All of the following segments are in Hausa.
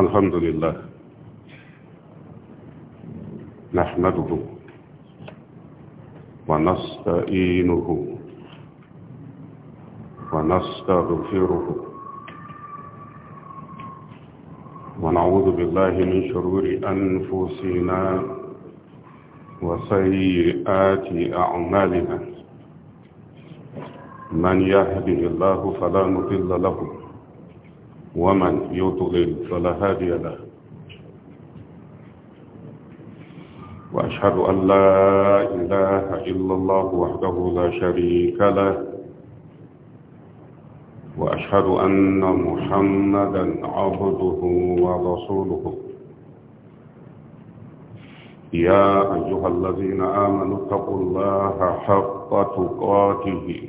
الحمد لله نحمده ونستعينه ونستغفره ونعوذ بالله من شرور أنفسنا وسيئات أعمالنا من يهده الله فلا مضل له ومن يضلل فلا هادي له وأشهد أن لا إله إلا الله وحده لا شريك له وأشهد أن محمدا عبده ورسوله يا أيها الذين آمنوا اتقوا الله حق تقاته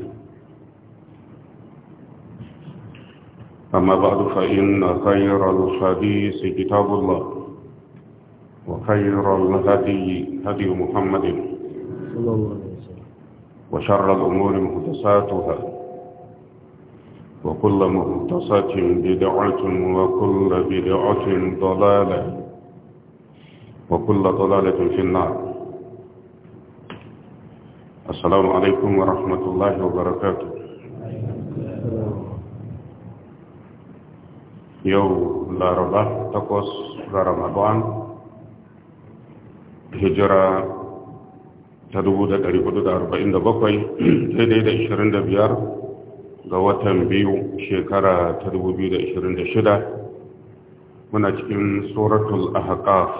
أما بعد فإن خير الحديث كتاب الله وخير الهدي هدي محمد وشر الأمور مهدساتها وكل مهدسة بدعة وكل بدعة ضلالة وكل ضلالة في النار السلام عليكم ورحمة الله وبركاته yau laraba takwas ga ramadan hijira ta 447 daidai da 25 ga watan biyu shekara ta 2026 muna cikin suratul ahqaf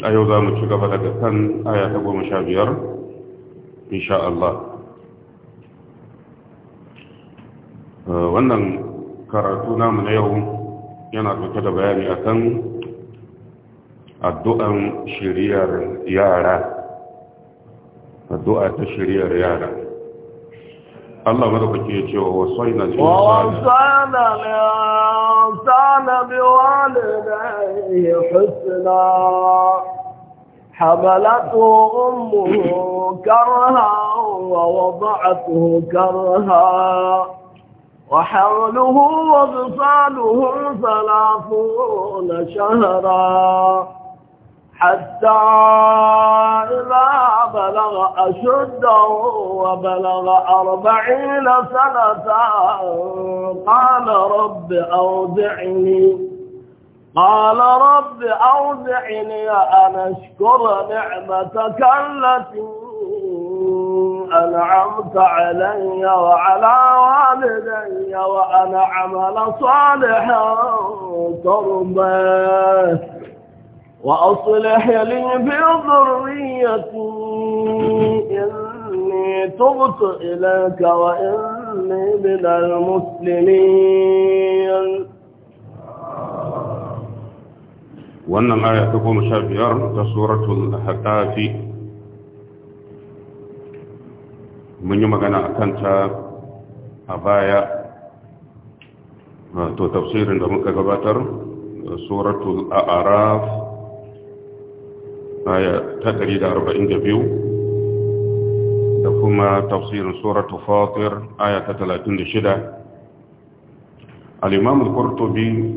a yau za mu ci gaba daga kan aya ta goma 15 insha Allah wannan karatu namu na yau yana ɗauke da bayani akan addu'an shiriyar yara addu'a ta shiriyar yara Allah madaukake ya ce wa wasaina al-insana biwalidayhi husna حملته أمه كرها ووضعته كرها وحوله وبصالهم ثلاثون شهرا حتى إذا بلغ أشده وبلغ أربعين سنة قال رب أودعني قال رب أودعني أن أشكر نعمتك التي أنعمت علي وعلى والدي وأنا عمل صالحا ترضي وأصلح لي في ذريتي إني تبت إليك وإني من المسلمين وإنما aya ta كسورة sha mun yi magana a kanta a baya to tafsirin da muka gabatar suratul a'raf aya ta 142 da kuma tafsirin suratul fatir aya ta 36 al-imam al-qurtubi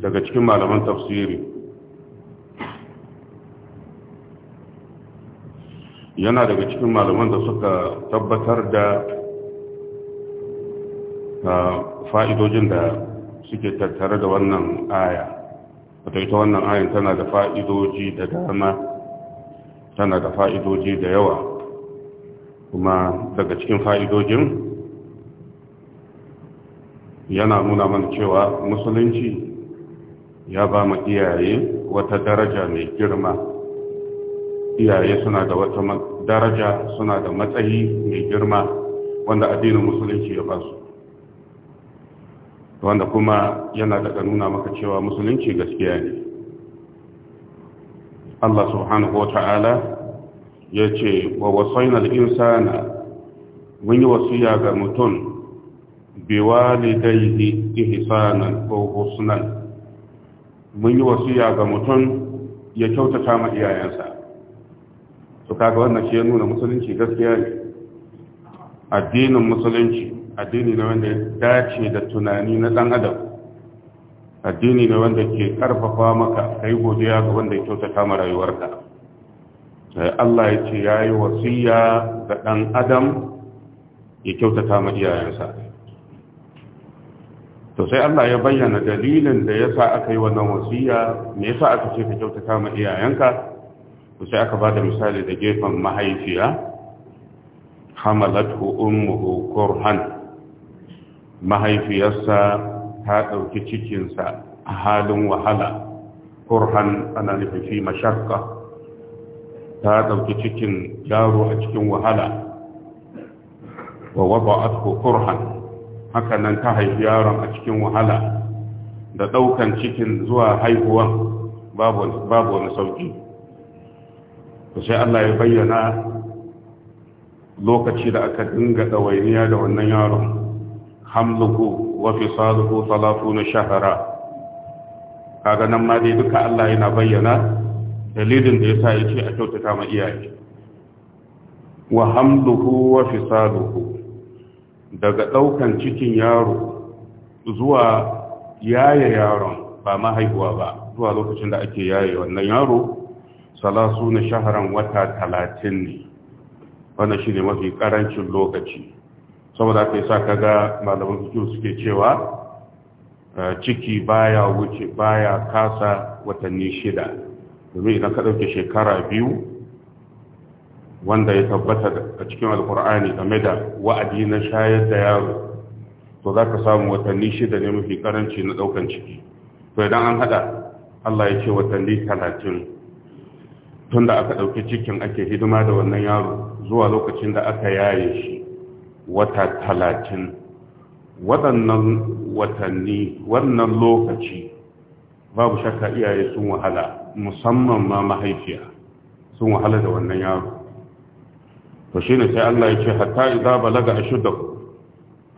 daga cikin malaman tafsiri yana daga cikin malaman da suka tabbatar da ah, fa'idojin da suke tattare da wannan aya wata ita wannan ayin tana da fa'idoji da dama tana da fa'idoji da yawa kuma daga cikin fa'idojin yana nuna mana cewa musulunci ya ba mu iyaye wata daraja mai girma iyaye suna da wata daraja suna da matsayi mai girma wanda addinin musulunci ya basu wanda kuma yana daga nuna maka cewa musulunci gaskiya ne Allah subhanahu wa ta'ala ya ce wa wasainal insana mun yi wasiya ga mutum biwalidaihi ihsanan ko husnan mun yi wasiya ga mutum ya kyautata ma iyayensa su kaga wannan shi ya nuna musulunci gaskiya ne addinin musulunci addini ne wanda ya dace da tunani na dan adam addini ne wanda ke karfafa maka kai godiya ga wanda ya kyautata ma rayuwarka sai Allah ya ce yayi wasiya ga dan adam ya kyautata ma iyayensa to sai Allah ya bayyana dalilin da yasa aka yi wannan wasiya me yasa aka ce ka kyautata ma iyayenka sai aka ba da misali da gefen mahaifiya hamalatu ummuhu kurhan mahaifiyarsa ta ɗauki cikinsa a halin wahala kurhan ana nufin fi mashakka ta ɗauki cikin yaro a cikin wahala wa wada'athu kurhan haka ta haifi yaron a cikin wahala da ɗaukan cikin zuwa haihuwan babu wani sauƙi to sai Allah ya bayyana lokaci da aka dinga ɗawainiya da wannan yaron hamluhu wa fisaluhu na shahara kaga nan ma dai duka Allah yana bayyana dalilin da yasa ce a kyautata ma iyaye wa hamluhu wa fisaluhu daga daukan cikin yaro zuwa yaye yaron ba mahaihuwa ba zuwa lokacin da ake yaye wannan yaro salasu na shaharan wata talatin ne wannan shi ne mafi karancin lokaci saboda aka yi sa kaga malaman fito suke cewa eh, ciki baya wuce baya kasa watanni shida domin idan ka ɗauke shekara biyu wanda ya tabbata a cikin alkur'ani game da wa'adi na shayar da yaro to za ka samu watanni shida ne mafi karanci na ɗaukan ciki to idan an haɗa allah ya ce watanni talatin Tunda aka ɗauki cikin ake hidima da wannan yaro zuwa lokacin da aka yaye shi wata talatin waɗannan watanni wannan lokaci babu shakka iyaye sun wahala musamman ma mahaifiya sun wahala da wannan yaro to shi ne sai Allah ya ce hatta idza balaga ashuddahu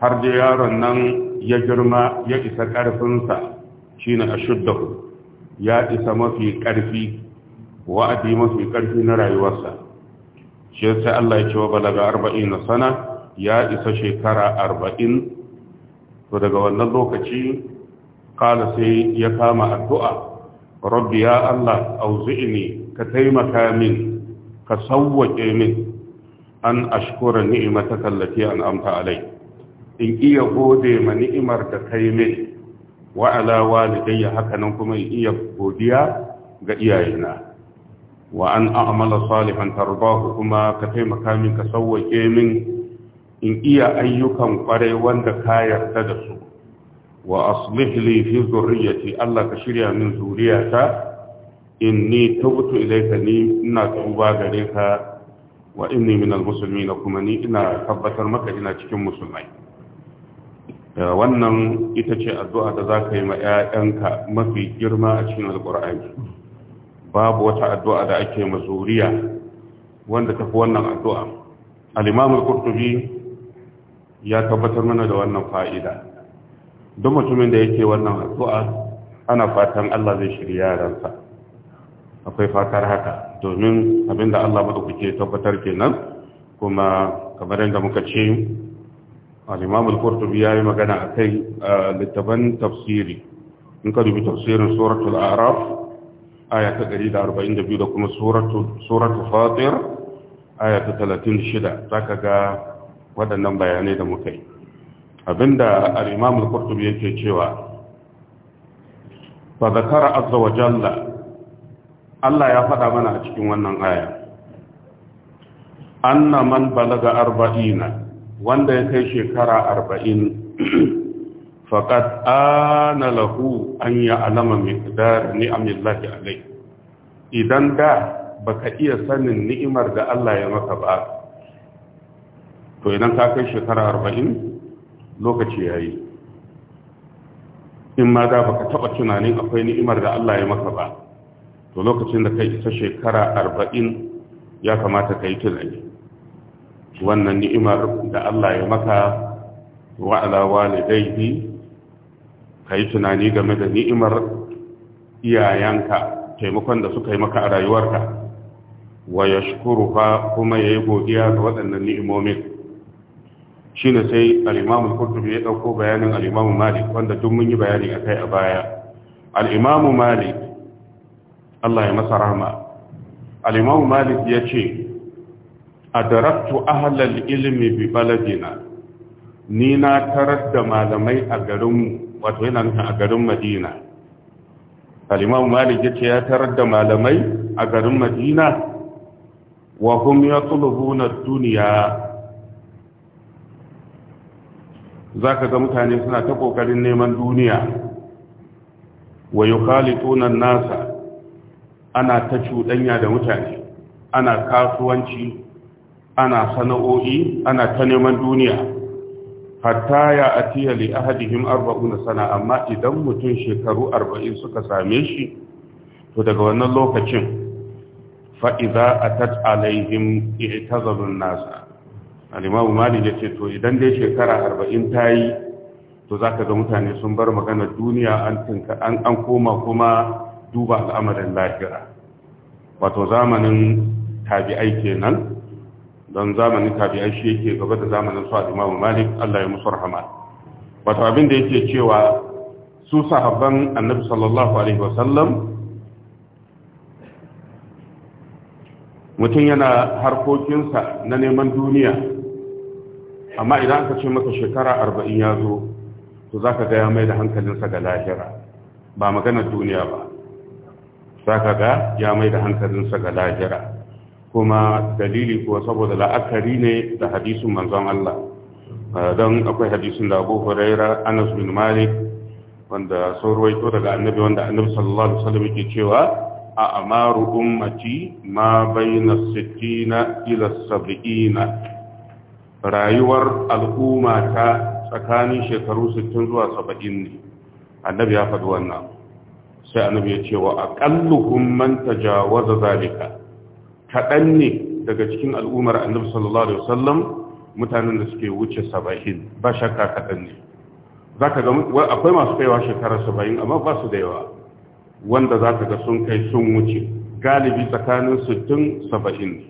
har da yaron nan ya girma ya isa ƙarfinsa ne ashuddahu ya isa mafi ƙarfi wa'adi mafi ƙarfi na rayuwarsa shi sai Allah ya ce wa balaga arba'in na sana ya isa shekara arba'in to daga wannan lokaci kala sai ya kama addu'a rabbi ya Allah auzi'ini ka taimaka min ka sauwaƙe min an ashkura ni'imataka an an'amta alai in iya gode ma ni'imar da kai min wa ala haka hakanan kuma in iya godiya ga iyayena wa an a'mala salihan tarbahu kuma ka taimaka min ka sauwake min in iya ayyukan kwarai wanda ka yarda da su wa aslih li fi zurriyyati Allah ka shirya min zuriyata inni tubtu ilayka ni ina tuba gare ka wa inni min almuslimin kuma ni ina tabbatar maka ina cikin musulmai eh, wannan ita ce addu'a da zaka yi ma ‘ya'yanka mafi girma a cikin alqur'ani babu wata addu'a da ake mazuriya wanda tafi wannan addu'a al'imamul kurtubi ya tabbatar mana da wannan fa'ida don mutumin da yake wannan addu'a ana fatan Allah zai shirya yaransa akwai fatar haka domin abinda Allah maɗaukake tabbatar nan, kuma kamar yadda muka ce al'imamul kurtubi ya yi magana a kai littaban tafsiri in ka dubi tafsirin suratul araf aya ta 142 da kuma suratu fatir aya ta 36 ka ga waɗannan bayanai da muka yi abinda alimamul kurtubi yake cewa ba da kara jalla Allah ya faɗa mana a cikin wannan aya anna man balaga arba'ina wanda ya kai shekara arba'in faqad ana lahu an ya'lama miqdar ni'amillahi alayhi idan da baka iya sanin ni'imar da Allah ya maka ba to idan ka kai shekara 40 lokaci yayi in ma da baka taba tunanin akwai ni'imar da Allah ya maka ba to lokacin da kai isa shekara 40 ya kamata kai tunani wannan ni'imar da Allah ya maka wa ala walidayhi ka yi tunani game da ni'imar iyayenka taimakon da suka yi maka a rayuwarka wa ya kuma ya yi godiya ga waɗannan ni'imomin shi ne sai al'imamun kurtubi ya ɗauko bayanin al'imamun malik wanda duk mun yi bayani a kai a baya al'imamun malik allah ya masa rahama al'imamun malik ya ce a darabtu ahalar ilimi bi baladina ni na tarar da malamai a garinmu wato yana nufin a garin madina kalimam malik ya ce ya tarar da malamai a garin madina wa hum ya na duniya za ka ga mutane suna ta ƙoƙarin neman duniya wa yi nasa ana ta cuɗanya da mutane ana kasuwanci ana sana'o'i ana ta neman duniya hatta ya atiya li ahadihim arba'una sana amma idan mutum shekaru arba'in suka same shi to daga wannan lokacin fa idza atat alaihim i'tazaru an-nas al-imam malik yace to idan dai shekara arba'in tayi to zaka ga mutane sun bar magana duniya an tinka an an koma kuma duba al'amarin lahira wato zamanin tabi'ai kenan don zamanin tabi'ai shi yake gaba da zamanin su al Malik Allah ya musu rahama wato abin da yake cewa su sahabban Annabi sallallahu alaihi wasallam mutum yana harkokinsa na neman duniya amma idan aka ce maka shekara arba'in ya zo to za ka gaya mai da hankalinsa ga lahira ba maganar duniya ba za ka ga ya mai da hankalinsa ga lahira kuma dalili kuwa saboda la'akari ne da hadisin manzon Allah ah, don akwai hadisin da Abu Huraira Anas bin Malik wanda sun ruwaito daga annabi wanda annabi sallallahu alaihi wasallam yake cewa a amaru ummati ma bayna 60 ila 70 rayuwar al'umma ta tsakanin shekaru 60 zuwa 70 ne annabi ya faɗi wannan sai annabi ya ce wa aqalluhum man tajawaza zalika kaɗan ne daga cikin al'ummar annabi sallallahu alaihi wasallam mutanen da suke wuce saba'in ba shakka kaɗan ne za ka ga akwai masu kaiwa shekarar saba'in amma ba su da yawa wanda za ka ga sun kai sun wuce galibi tsakanin sittin saba'in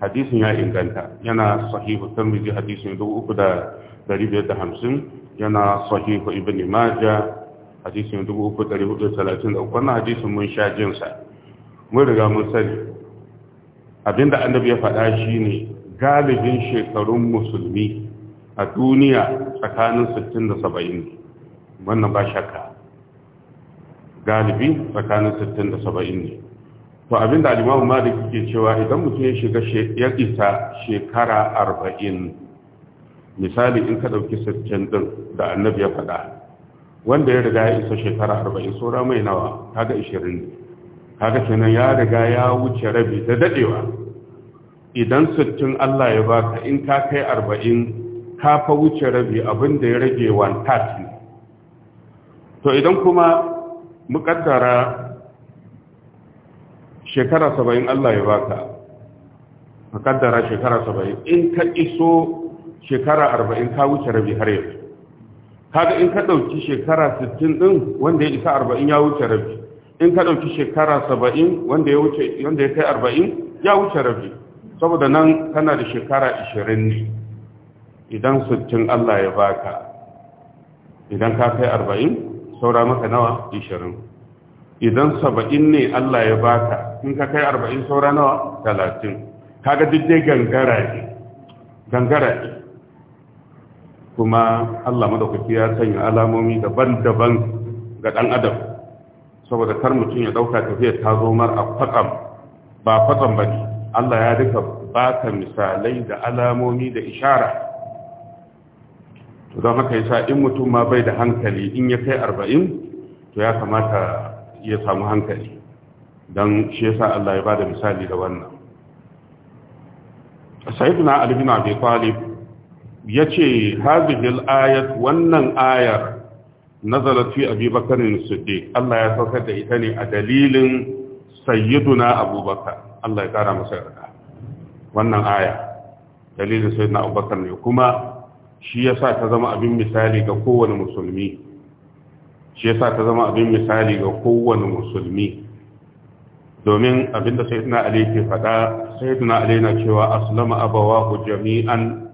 hadisin ya inganta yana sahihu tarmizi hadisin uku da dari biyar da hamsin yana sahihu ibn majah hadisin uku dari hudu da talatin da uku wannan hadisin mun sha jinsa mun riga mun sani abinda annabi ya faɗa shi ne galibin shekarun musulmi a duniya tsakanin 60 da 70 wannan ba shakka galibi tsakanin 60 da 70 ne to abinda alimamu malik ke cewa idan mutum ya shiga ya isa shekara 40 misali in ka ɗauki 60 ɗin da annabi ya faɗa wanda ya riga ya isa shekara 40 saura mai nawa kaga 20 ne haka kenan ya riga ya wuce rabi da dadewa idan sittin Allah ya baka in ka kai arba'in ka fa wuce rabi abin da ya rage one thirty to idan kuma muƙaddara shekara saba'in Allah ya baka muƙaddara shekara saba'in in ka iso shekara arba'in ka wuce rabi har yanzu kaga in ka ɗauki shekara sittin ɗin wanda ya isa arba'in ya wuce rabi in ka ɗauki shekara saba'in wanda ya kai arba'in ya wuce rabi saboda nan kana da shekara ashirin ne idan sittin Allah ya baka idan ka kai arba'in saura maka nawa ashirin idan saba'in ne Allah ya baka in ka kai arba'in saura nawa talatin kaga duk dai gangara ne gangara ne kuma Allah madaukaki ya sanya alamomi daban-daban ga ɗan adam saboda kar mutum ya ɗauka tafiyar ta zo mar a ba fatsam ba ne Allah ya duka ba ka misalai da alamomi da ishara don haka yasa in mutum ma bai da hankali in ya kai arba'in to ya kamata ya samu hankali don shi yasa Allah ya ba da misali da wannan sayyidina ali bin abi Ya ce hadhihi ayat wannan ayar nazalat fi abi bakarin siddiq Allah ya saukar da ita ne a dalilin sayyiduna abubakar Allah ya kara masa yarda wannan aya dalilin sayyiduna abubakar ne kuma shi yasa ta zama abin misali ga kowane musulmi shi ta zama abin misali ga musulmi domin abinda sayyidina ali ke faɗa sayyidina ali na cewa aslama ku jami'an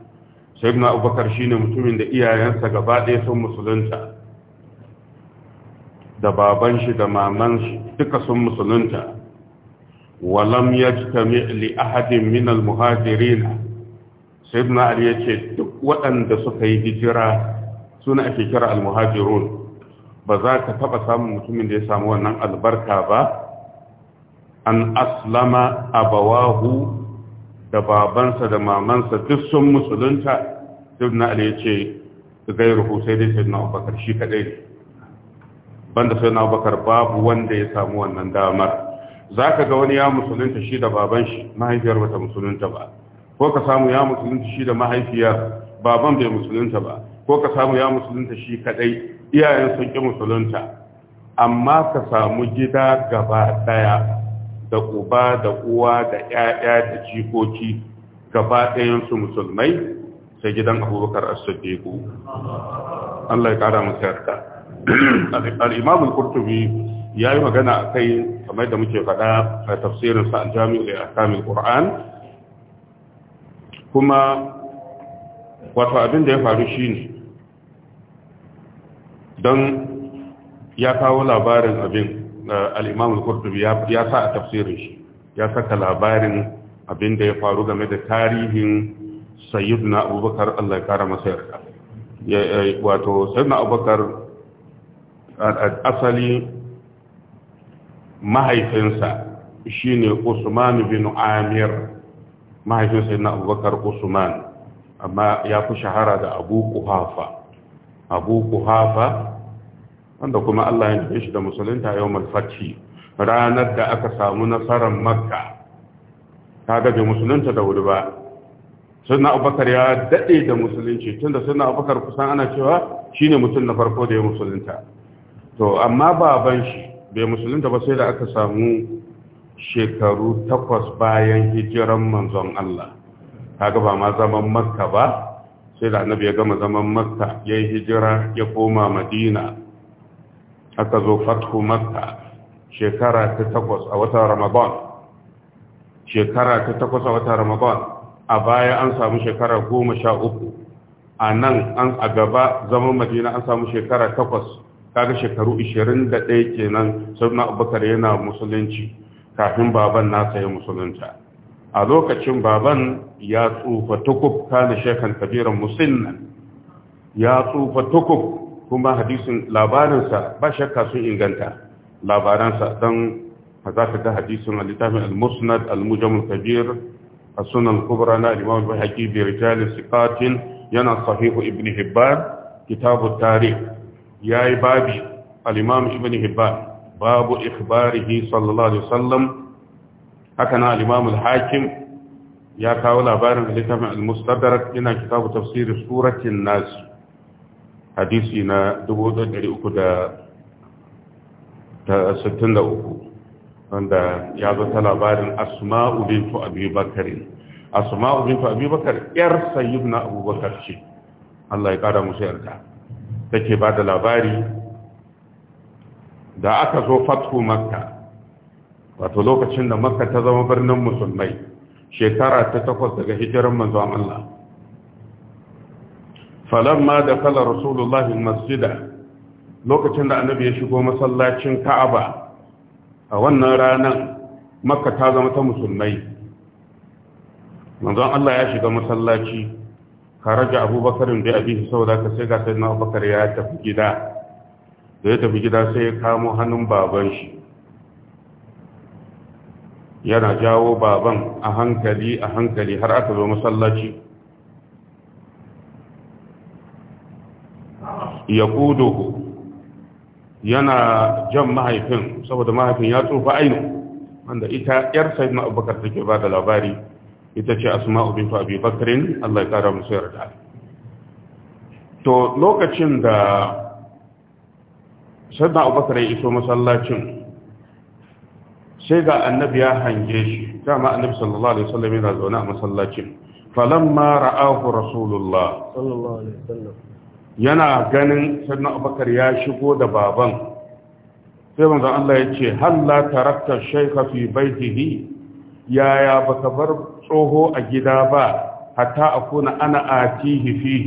sayyidina abubakar shine mutumin da iyayensa gaba ɗaya sun musulunta da baban shi da maman shi duka sun musulunta walam yajtami li ahadin min al-muhajirin sayyidina ali ce duk waɗanda suka yi hijira suna ake kira al-muhajirun ba za ka taɓa samun mutumin da ya samu wannan albarka ba an aslama abawahu da babansa da mamansa duk sun musulunta sayyidina ali yace gairu sai dai sayyidina abubakar shi kadai banda sai na bakar babu wanda ya samu wannan damar za ka ga wani ya musulunta shi da baban shi mahaifiyar bata musulunta ba ko ka samu ya musulunta shi da mahaifiyar baban bai musulunta ba ko ka samu ya musulunta shi kadai iyayen sun ki musulunta amma ka samu gida gaba daya da uba da uwa da ƴaƴa da jikoki gaba ɗayan su musulmai sai gidan abubakar as-siddiq Allah ya kara musu al-imam al-qurtubi yayi magana akai kamar da muke faɗa a tafsirin sa al-jami' li ahkam al-qur'an kuma wato abin da ya faru shine don ya kawo labarin abin eh, al-imam al-qurtubi ya sa a tafsirin shi ya saka labarin abin da ya faru game da tarihin sayyidina abubakar Allah ya kara masa yarda wato sayyidina abubakar asali mahaifinsa shine Usman bin Amir mahaifinsa na Abubakar Usman amma ya fi shahara da Abu kuhafa Abu kuhafa wanda kuma Allah ya nufe shi da musulunta yau fathi ranar da aka samu nasarar Makka ta gabe musulunta da wuri ba suna Abubakar ya daɗe da musulunci tunda suna Abubakar kusan ana cewa shine mutum na farko da ya musulunta to amma baban shi bai musulunta ba sai da aka samu shekaru takwas bayan hijiran manzon Allah kaga ba ma zaman makka ba sai da annabi ya gama zaman makka ya yi hijira ya koma madina aka zo fathu makka shekara ta takwas a watan ramadan shekara ta takwas a watan ramadan a baya an samu shekara goma sha uku a nan an a gaba zaman madina an samu shekara takwas kaga shekaru 21 kenan sayyidina abubakar yana musulunci kafin baban nasa ya musulunta a lokacin baban ya tsufa tukub kana shekan kabiran musulman ya tsufa tukub kuma hadisin labarinsa ba shakka sun inganta labaransa don za ka ga hadisin a littafin al-musnad al-mujamul kabir a sunan kubra na imam al-bahaki bi rijalin yana sahihu ibn hibban kitabu tarikh ya yi babi al'imam ibn hibban babu ikhbarihi sallallahu alaihi wasallam haka na al'imam al-hakim ya kawo labarin littafin al mustadar ina kitabu tafsiri suratin nas hadisi na 363 wanda ya zata labarin asma'u bintu abi bakarin asma'u bintu abi bakar yar na abubakar ce Allah ya kara musu yarda take ba da labari da aka zo fathu makka wato lokacin da makka ta zama birnin musulmai shekara ta takwas daga hijirar manzon Allah falamma da kala rasulullahi masjida lokacin da annabi ya shigo masallacin ka'aba a wannan ranar makka ta zama ta musulmai manzon Allah ya shiga masallaci kharaja abubakar bi abihi saboda ka sai ga sayyidina abubakar ya tafi gida da ya tafi gida sai ya kamo hannun baban shi yana jawo baban a hankali a hankali har aka zo masallaci ya yana jan mahaifin saboda mahaifin ya tsufa ainu wanda ita 'yar sayyidina abubakar take ba da labari ita ce asma'u bintu abi bakrin Allah ya kara musu yarda to lokacin da sannan abubakar ya iso masallacin sai ga annabi ya hange shi dama annabi sallallahu alaihi wasallam yana zaune a masallacin falamma ra'ahu rasulullah sallallahu alaihi wasallam yana ganin sannan abubakar ya shigo da baban sai manzon Allah ya ce halla tarakta shaykha fi baitihi yaya baka bar tsoho a gida ba hatta kuna ana a fihi ya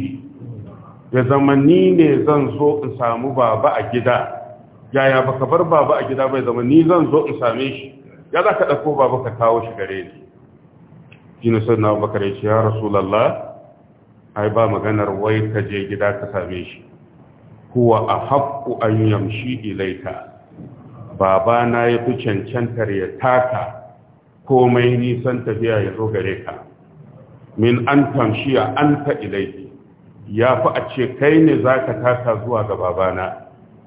Da zamani ne zan zo in samu baba a gida yaya baka bar baba a gida bai zama ni zan zo in same shi ya za ka ɗauko baba ka kawo shi gare ni shi ne sai na bakar ya ce ya rasulallah ai ba maganar wai ka je gida ka same shi Kuwa a haƙƙu an yamshi ilaita baba na ya fi cancantar ya taka komai nisan tafiya ya zo gare ka min an tamshiya an ta ilai ya fi a ce kai ne za ka taka zuwa ga babana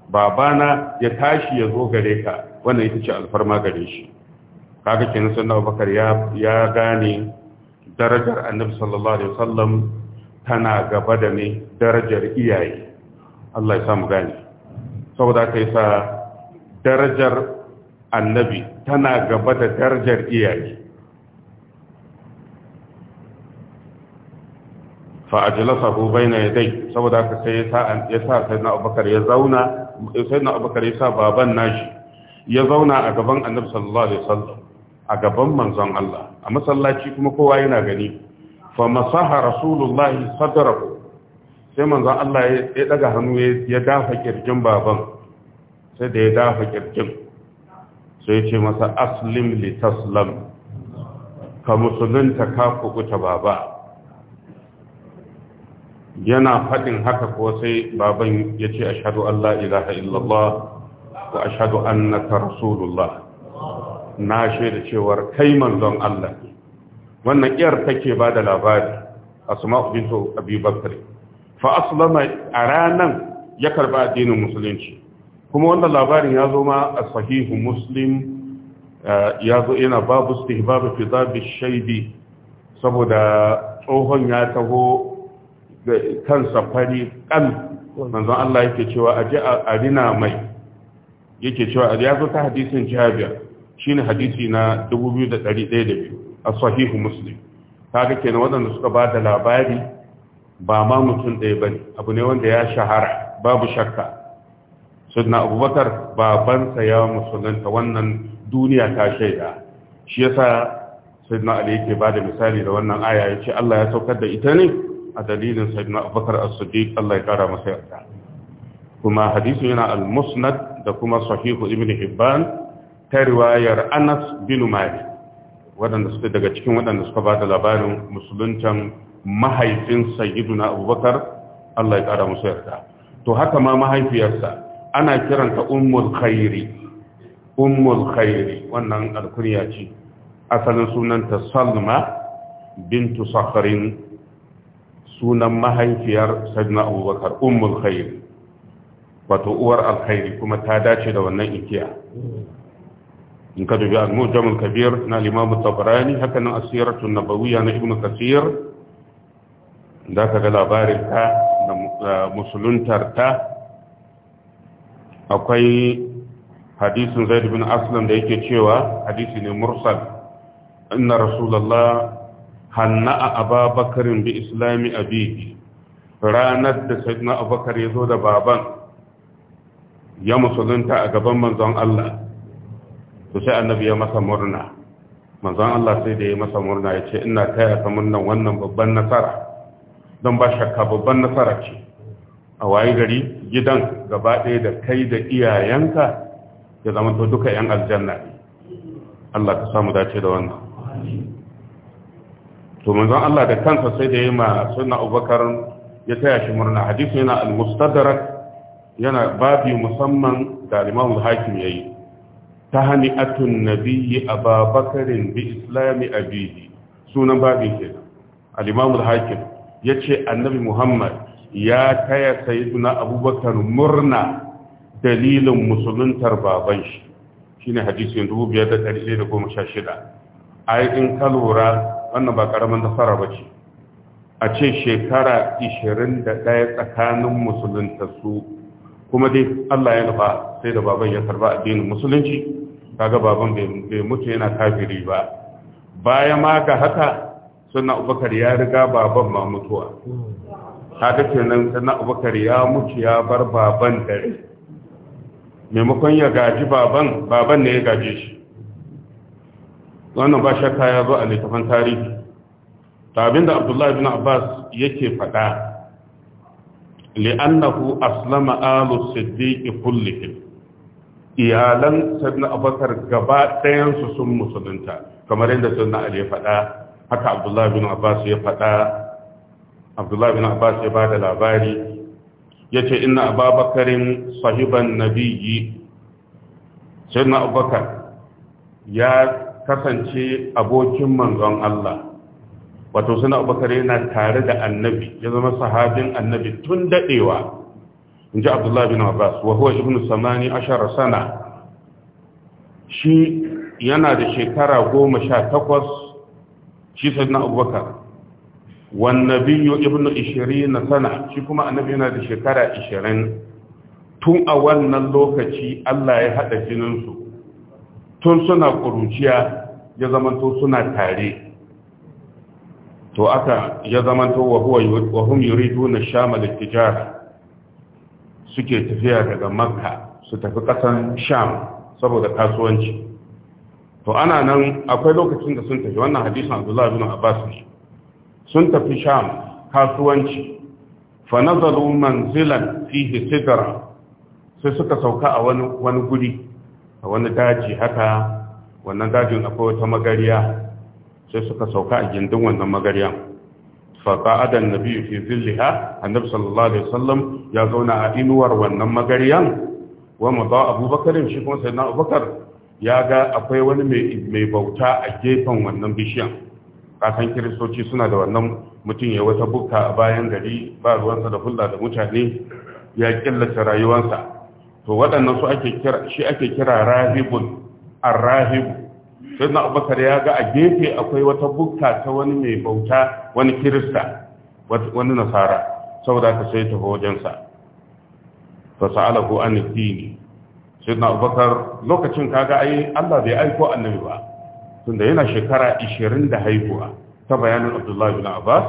babana ya tashi ya zo gare ka wannan ita ce alfarma gare shi kaga kenan na abubakar ya gane darajar annabi sallallahu alaihi wasallam tana gaba da ne darajar iyaye Allah ya samu gane saboda yi sa darajar annabi tana gaba da darajar iyaye fa ajlasahu bayna yadai saboda haka sai ya sa ya sa sayyidina Abubakar ya zauna sayyidina Abubakar ya sa baban nashi ya zauna a gaban annabi sallallahu alaihi wasallam a gaban manzon Allah a masallaci kuma kowa yana gani fa masaha rasulullahi sadrahu sai manzon Allah ya daga hannu ya dafa kirjin baban sai da ya dafa kirjin sai ce masa aslim li taslam ka musulunta ka kukuta baba yana faɗin haka ko sai baban ya ce ashadu Allah ilaha illallah wa ashadu annaka rasulullah na shaida cewar kai manzon Allah wannan iyar take ba da labari asma'u bintu abi bakr fa aslama a ranan ya karba addinin musulunci kuma wannan labarin ya zo ma a sahihu muslim eh, ya zo yana babu istihbabu fi zabi shaidi saboda tsohon ya taho kansa fari kan manzon Allah yake cewa aje a rina mai yake cewa a ya ta hadisin jabiya shine hadisi na 2102 a sahihu muslim kaga kenan waɗanda suka ba da labari ba ma mutum ɗaya bane abu ne wanda ya shahara babu shakka sayyidina abubakar babansa ya musulunta wannan duniya ta shaida shi yasa sayyidina ali yake bada misali da wannan aya yace Allah ya saukar da ita ne a dalilin sayyidina abubakar al siddiq Allah ya kara masa yarda kuma hadisi yana al-musnad da kuma sahihu ibn hibban ta riwayar anas bin malik wadanda suka daga cikin wadanda suka ba da labarin musuluntan mahaifin sayyiduna abubakar Allah ya kara masa yarda to haka ma mahaifiyarsa ana kiranta ummul khairi ummul khairi wannan alkuriya ce asalin sunanta salma bintu sakharin sunan mahaifiyar sajna abubakar ummul khairi wato uwar alkhairi kuma ta dace da wannan ikiya in ka dubi al-mujamul kabir na limamu tabarani haka nan asiratu nabawiyya na ibnu kasir da ka ga labarin ta da eh, musuluntar ta akwai hadisin zaid bin aslam da yake cewa hadisi ne mursal inna rasulullah hanna'a ababakarin bi islami abiki ranar da sayyidina abubakar ya zo da baban ya musulunta a gaban manzon Allah to sai annabi ya masa murna manzon Allah sai da ya masa murna ya ce ina taya ka murnan wannan babban nasara don ba shakka babban nasara ce a wayi gari gidan gaba ɗaya da kai da iyayenka ya zama to duka 'yan aljanna Allah ka samu dace da wannan to manzon Allah da kansa sai da yi ma sunna abubakar ya taya shi murna hadisi yana al-mustadrak yana babi musamman da limamu hakim yayi ta hani'atun nabiyyi ababakarin bi islami abihi sunan babin ke al-imamu hakim yace annabi muhammad ya taya sayyiduna abubakar murna dalilin musuluntar baban shi shine hadisin 5116 ai in ka lura wannan ba ƙaramin nasara bace a ce shekara 21 tsakanin musulunta su kuma dai Allah ya nufa sai da baban ya karba addinin musulunci kaga baban bai mutu yana kafiri ba baya ma ga haka sunna abubakar ya riga baban ma mutuwa kaga kenan sannan abubakar ya mutu ya bar baban dare maimakon ya gaji baban baban ne ya gaji shi wannan ba shakka ya zo a littafin tarihi ta abinda abdullahi bin abbas yake faɗa li'annahu aslama alu siddiqi kullihim iyalan sannan abubakar gaba ɗayansu sun musulunta kamar yadda sannan ali ya faɗa haka abdullahi bin abbas ya faɗa abdullahi bin abbas ya bada labari Ya yace inna ababakarin sahiban nabiyyi na abubakar ya kasance abokin manzon Allah wato suna abubakar yana tare da annabi ya zama sahabin annabi tun daɗewa. in ji abdullahi bin abbas wa huwa ibnu samani ashara sana shi yana da shekara goma sha takwas shi na abubakar wan nabiyyu ishirin 20 sana shi kuma annabi yana da shekara 20 tun a wannan lokaci Allah ya hada jinin su tun suna kuruciya ya zamanto suna tare to aka ya zamanto wa huwa wa hum yuriduna shamal tijar suke tafiya daga makka su tafi kasan sham saboda kasuwanci to ana nan akwai lokacin da sun tafi wannan hadisin abdullahi bin abbas ne sun tafi sham kasuwanci fa nazaru manzilan fihi sidra sai suka sauka a wani wani guri a wani daji haka wannan dajin akwai wata magariya sai suka sauka a gindin wannan magariya fa qa'ada an-nabi fi zillaha annabi sallallahu alaihi wasallam ya zauna a inuwar wannan magariyan wa mada abubakar shi kuma sayyidina abubakar ya ga akwai wani mai bauta a gefen wannan bishiyan Kakan kiristoci suna da wannan mutum ya wata bukka a bayan gari ba ruwansa da hula da mutane ya killace rayuwansa to waɗannan su ake kira shi ake kira rahibun arrahib sai na abubakar ya ga a gefe akwai wata bukka ta wani mai bauta wani kirista wani nasara saboda ka sai ta wajensa fa sa'alahu an dini sai na abubakar lokacin kaga ai Allah bai aiko annabi ba tunda yana shekara 20 da haihuwa ta bayanin abdullahi bin abbas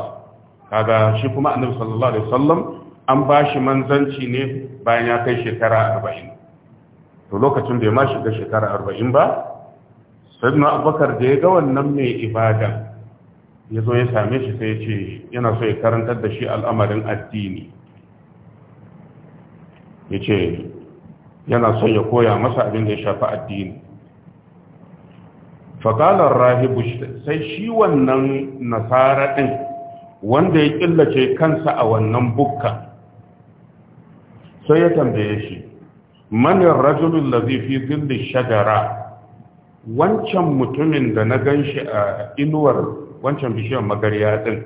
kaga shi kuma annabi sallallahu alaihi wasallam an ba shi manzanci ne bayan ya kai shekara 40 to lokacin da ya ma shiga shekara 40 ba sayyidina abubakar da ya ga wannan mai ibada ya ya same shi sai ya ce yana so ya karantar da shi al'amarin addini ya ce yana son ya koya masa abin da ya shafi addini faƙalar rahibu sai shi wannan nasara ɗin wanda ya ƙillace kansa a wannan bukka sai ya tambaye shi manin rajulun lazifi zilli shagara wancan mutumin da na gan shi a inuwar wancan bishiyar magarya ɗin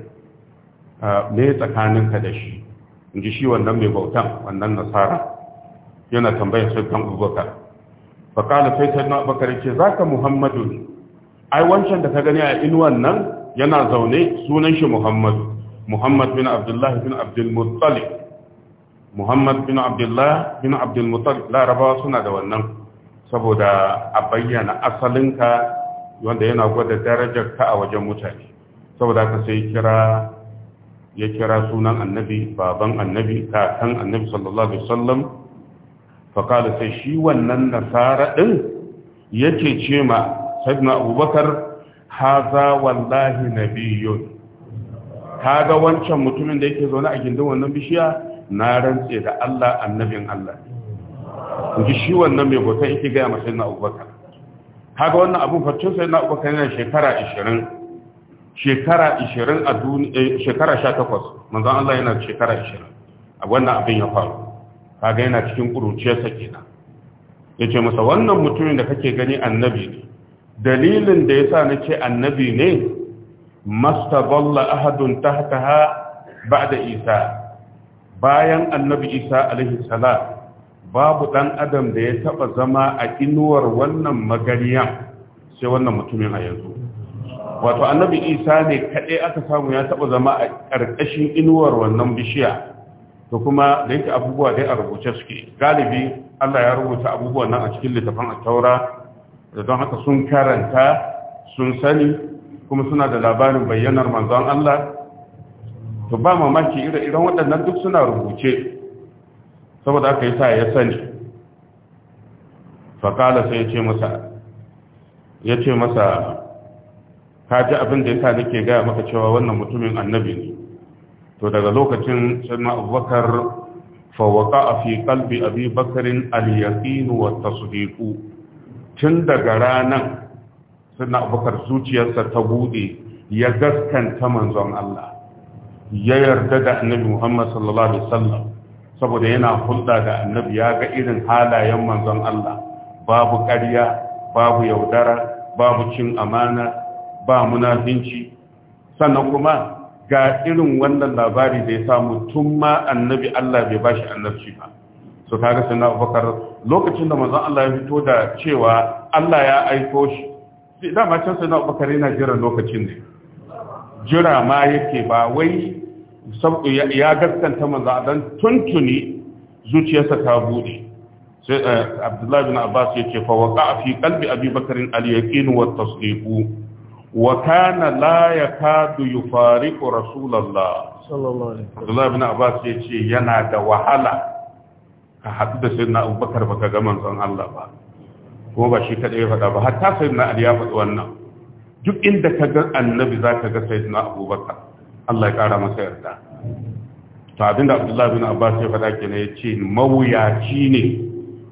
me tsakaninka da shi in ji shi wannan mai bautan wannan nasara yana tambayar kan abubakar faƙalar sai ta na abubakar ce za ka muhammadu ai wancan da ka gani a inuwan nan yana zaune sunan shi muhammad muhammad bin abdullah bin abdul muhammad bin abdullah bin abdul larabawa suna da wannan saboda a bayyana asalinka wanda yana gwada darajar ka a wajen mutane saboda ka sai kira ya kira sunan annabi baban annabi kakan annabi sallallahu alaihi wasallam fa kala sai shi wannan nasara din yake ce ma sayyidina abubakar haza wallahi nabiyyun kaga wancan mutumin da yake zaune a gindin wannan bishiya na rantse da Allah annabin Allah kuji shi wannan mai bautan yake gaya masa na abubakar kaga wannan abun faccin sai na abubakar yana shekara 20 shekara 20 a duniya eh, shekara 18 manzon Allah yana shekara 20 a wannan abin ya faru kaga yana cikin kuruciyarsa kenan yace masa wannan mutumin da kake gani annabi ne dalilin da yasa ce annabi ne mastaballa ahadun tahtaha ba'da isa bayan annabi isa alaihi babu dan adam da ya taba zama a inuwar wannan magariya sai wannan mutumin a yanzu wato annabi isa ne kaɗai aka samu ya taba zama a ƙarƙashin inuwar wannan bishiya to kuma da yake abubuwa dai a rubuce suke galibi allah ya rubuta abubuwan nan a cikin littafin taura da don haka sun karanta sun sani kuma suna da labarin bayyanar manzon Allah to ba mamaki ire-iren waɗannan duk suna rubuce saboda aka yi sa ya sani faƙala sai ya ce masa ka ji abin da ya sa nake gaya maka cewa wannan mutumin annabi ne to daga lokacin sannan abubakar fawaka a fi kalbi abi bakarin wa tasdiqu tun daga ranan suna abubakar zuciyarsa ta bude ya gaskanta manzon Allah ya yarda da annabi Muhammad sallallahu alaihi wasallam saboda yana hulɗa da annabi ya ga irin halayen manzon Allah babu ƙarya babu yaudara babu cin amana ba munafinci sannan kuma ga irin wannan labari da ya samu tun ma annabi Allah bai bashi annabci ba su kaga sun na abubakar lokacin da manzon Allah ya fito da cewa Allah ya aiko shi Sai dama can sun na abubakar yana jiran lokacin ne jira ma yake ba wai ya gaskanta manzon dan tuntuni zuciyarsa ta bude sai eh, Abdullahi bin Abbas ce fa waqa fi qalbi Abi Bakr al-yaqin wa tasdiqu wa kana la yakadu yufariqu Rasulullah sallallahu alaihi wasallam Abdullahi bin Abbas ce yana da wahala ka haɗu da sayyidina abubakar ba ka ga manzon Allah ba kuma ba shi kaɗai ya faɗa ba hatta sayyidina ali ya faɗi wannan duk inda ka ga annabi za ka ga sayyidina abubakar Allah ya ƙara masa yarda to abinda abdullahi bin abbas ya faɗa kenan ya ce mawuyaci ne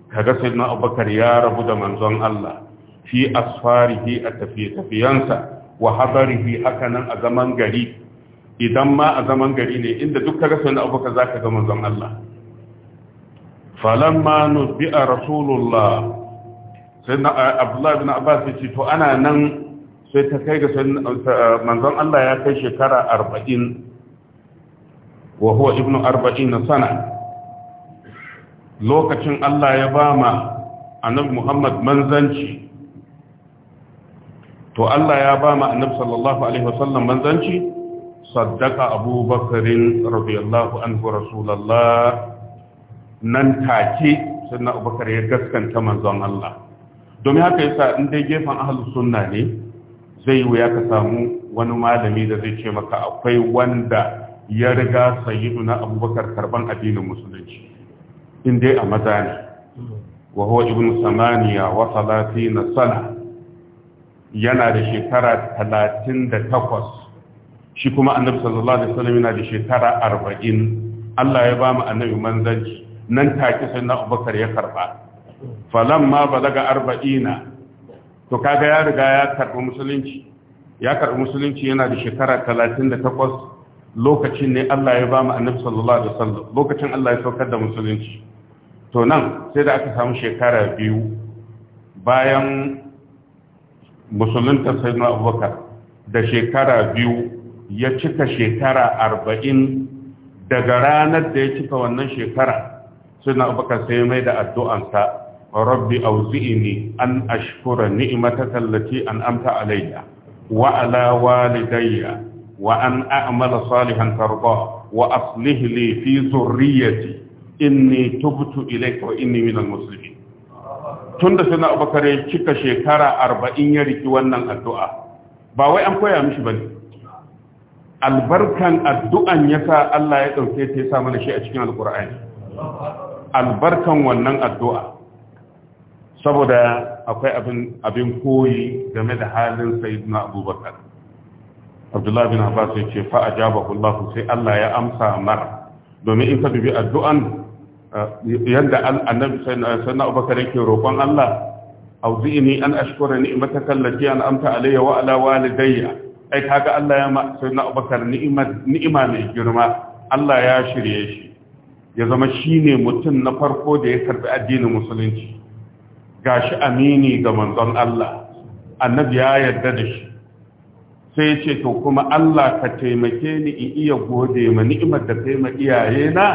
ka ga sayyidina abubakar ya rabu da manzon Allah fi asfarihi a tafiye tafiyansa, wa hadarihi haka nan a zaman gari idan ma a zaman gari ne inda duk ka ga sayyidina abubakar za ka ga manzon Allah falamma nubbi'a rasulullah sai na abdullahi bin abbas ya to ana nan sai ta kai ga manzon Allah ya kai shekara arba'in wa huwa ibnu arba'in na sana lokacin Allah ya ba ma annabi Muhammad manzanci to Allah ya bama ma annabi sallallahu alaihi wasallam manzanci saddaka abubakarin radiyallahu anhu nan take sannan abubakar ya gaskanta manzon Allah domin haka yasa in dai gefen ahlus sunna ne zai wuya ka samu wani malami da zai ce maka akwai wanda ya riga sayidu na abubakar karban addinin musulunci in dai a maza ne wa huwa ibnu samaniya wa na sana yana da shekara 38 shi kuma annabi sallallahu alaihi wasallam yana da shekara arba'in Allah ya ba mu annabi manzanci nan take sai na abubakar ya karba falamma balaga arba'ina to kaga ya riga ya karbi musulunci ya karbi musulunci yana da shekara 38 lokacin ne Allah ya ba mu annabi sallallahu alaihi wasallam lokacin Allah ya saukar da musulunci to nan sai da aka samu shekara biyu bayan musulunta na abubakar da shekara biyu ya cika shekara arba'in daga ranar da ya cika wannan shekara suna abubakar sai mai da addu'ansa rabbi auzi'ini an ashkura ni'mataka allati an'amta alayya wa ala walidayya wa an a'mala salihan tarda wa aslih li fi zurriyyati inni tubtu ilayka wa inni minal muslimin tunda suna abubakar ya cika shekara 40 ya riki wannan addu'a ba wai an koya mishi bane albarkan addu'an ya sa Allah ya ɗauke ta ya sa mana shi a cikin alƙur'ani albarkan wannan addu'a saboda akwai abin koyi game da halin sayidina abubakar abdullahi bin abbas ya ce fa'a jabakullahu sai allah ya amsa mara domin in ka dubi addu'an eh, yadda annabi sannan abubakar yake roƙon allah auzi'ini an ashkura kallaki an amta, alayya wa ala walidayya ai kaga Allah ya ma sai na Abubakar ni'ima mai girma Allah ya shirye shi ya zama shi ne mutum na farko da ya karbi addinin musulunci Ga shi amini ga manzon Allah annabi ya yarda da shi sai ce to kuma Allah ka taimake ni in iya gode ma ni'imar da kai ma iyaye na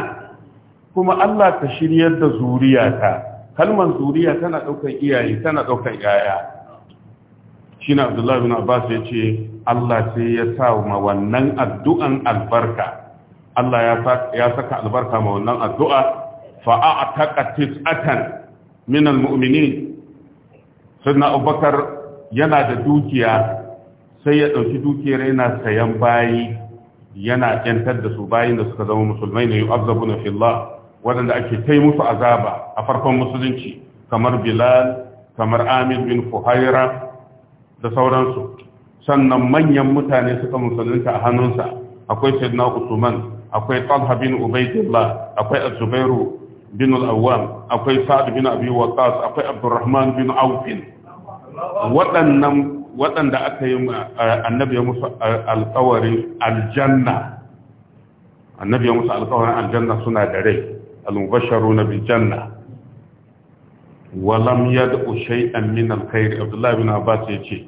kuma Allah ka shiryar da zuriyata kalmar zuriya tana daukar iyaye tana daukar yaya shine Abdullahi bin Abbas ya ce Allah sai ya sa ma wannan addu'an albarka Allah ya saka albarka ma wannan addu'a fa'a'ataka tis'atan min almu'minin sannan abubakar yana da dukiya sai ya ɗauki dukiyar yana sayan bayi yana ƙyantar da su bayin da suka zama musulmai yi yu'azzabu na fillah waɗanda ake kai musu azaba a farkon musulunci kamar bilal kamar amir bin fuhaira da sauransu sannan manyan mutane suka musulunta a hannunsa akwai sayyidina usman akwai talha bin ubaidillah akwai azubairu bin al'awwam akwai sa'ad bin abi waqas akwai abdurrahman bin aufin waɗannan waɗanda aka yi annabi ya musu alƙawarin aljanna annabi ya musu alƙawarin aljanna suna da rai al-mubasharu na janna. walam yad'u shay'an min al-khair abdullahi bin abbas yace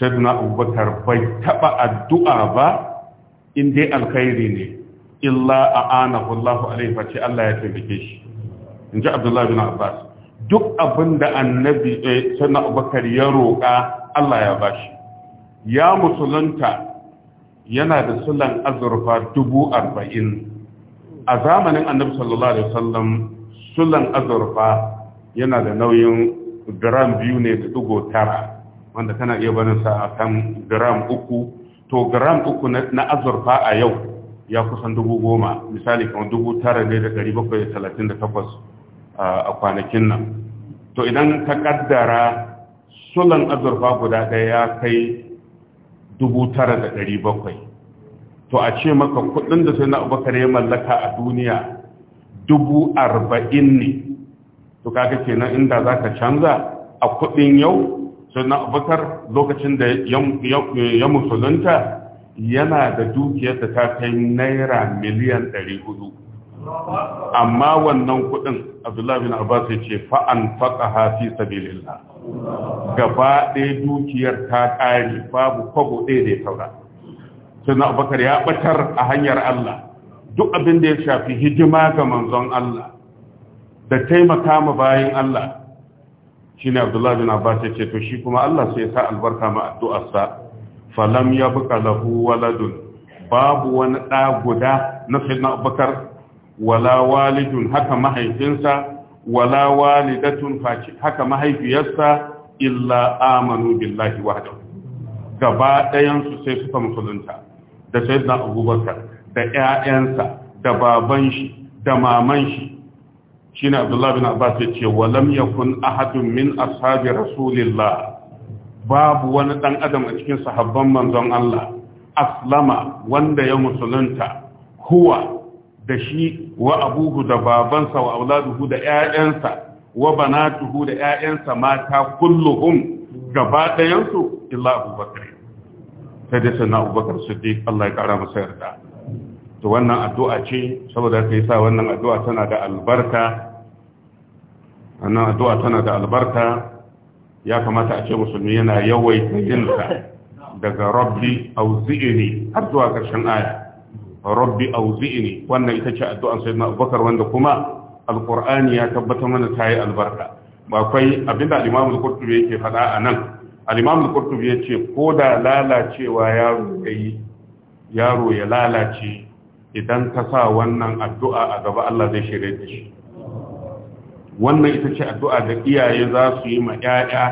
sayyidina abubakar bai taɓa addu'a ba in dai alkhairi ne illa a anahu Allah alaihi face Allah ya taimake shi in ji Abdullahi bin Abbas duk abin da annabi eh, sanna Abubakar ya roƙa Allah ya bashi ya musulunta yana da sulan azurfa dubu arba'in a zamanin annabi sallallahu alaihi wasallam sulan azurfa yana da nauyin gram biyu ne da dugo tara wanda kana iya barinsa a kan gram uku to gram uku na azurfa a yau ya kusan dubu goma misali kamar dubu tara ne da dari bakwai da talatin da takwas a kwanakin nan to idan ka kaddara sulan azurfa guda ɗaya ya kai dubu tara da ɗari bakwai to a ce maka kuɗin da sai na abokan ya mallaka a duniya dubu arba'in ne to kaga kenan inda za ka canza a kuɗin yau sai na abokan lokacin da ya musulunta yana da dukiyar da ta kai naira miliyan 400 amma wannan kudin abdullahi bin abbas ya ce fa'an faƙaha Hafi sabilillah gaba ɗaya dukiyar ta ƙari babu kwabo ɗaya da ya saura suna Abakar ya ɓatar a hanyar allah duk abin da ya shafi hijima ga manzon allah da taimaka ma bayan allah shi ne abdullahi bin abbas ya ce to shi kuma allah sai ya sa albarka ma addu'arsa falam ya buka lahu waladun babu wani ɗa guda na sayyidina abubakar wala walidun haka mahaifinsa wala walidatun haka mahaifiyarsa illa amanu billahi wahdahu gaba ɗayansu sai suka musulunta da sayyidina abubakar da ƴaƴansa da baban shi da maman shi shine abdullahi bin abbas ya ce walam yakun ahadun min ashabi rasulillah babu wani dan adam a cikin sahabban manzon Allah aslama wanda ya musulunta huwa da shi wa abuhu da babansa wa auladuhu da ƴaƴansa wa banatuhu da ƴaƴansa mata kulluhum gaba ɗayansu illa abubakar sai dai Abu abubakar siddiq Allah ya kara masa yarda to wannan addu'a ce saboda kai sa wannan addu'a tana da albarka wannan addu'a tana da albarka ya kamata a ce musulmi yana yawaita yinsa daga rabbi auzi'ini har zuwa ƙarshen aya rabbi auzi'ini wannan ita ce addu'an na abubakar wanda kuma alqur'ani ya tabbatar mana ta yi albarka ba kwai abinda alimamul imam yake faɗa a nan alimamul imam ya ce yace ko da lalacewa yaro yayi yaro ya lalace idan ka sa wannan addu'a a gaba Allah zai shirya da shi wannan ita ce addu'a da iyaye za su yi ma ‘ya'ya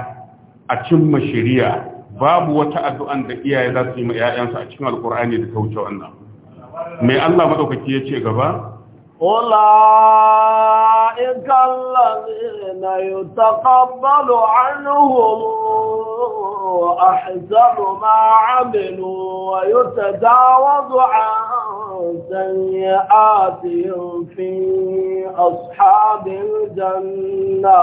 a cimma shari'a babu wata addu'an da iyaye za su yi ma ‘ya'yansu a cikin alkur'ani da ta wuce wannan mai Allah maɗaukaki ya ce gaba أولئك الذين يتقبل عنهم أحسن ما عملوا ويتجاوز عن سيئات في أصحاب الجنة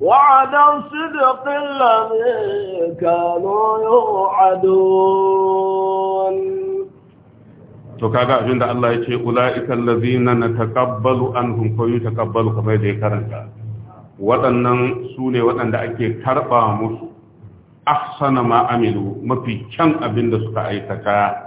وعد الصدق الذي كانوا يوعدون to kaga abin da Allah ya ce ula'ikan lazina na takabbalu an hunkoyi takabbalu kamar da ya karanta waɗannan su ne waɗanda ake karɓa musu ahsana ma amilu mafi kyan abin da suka aikata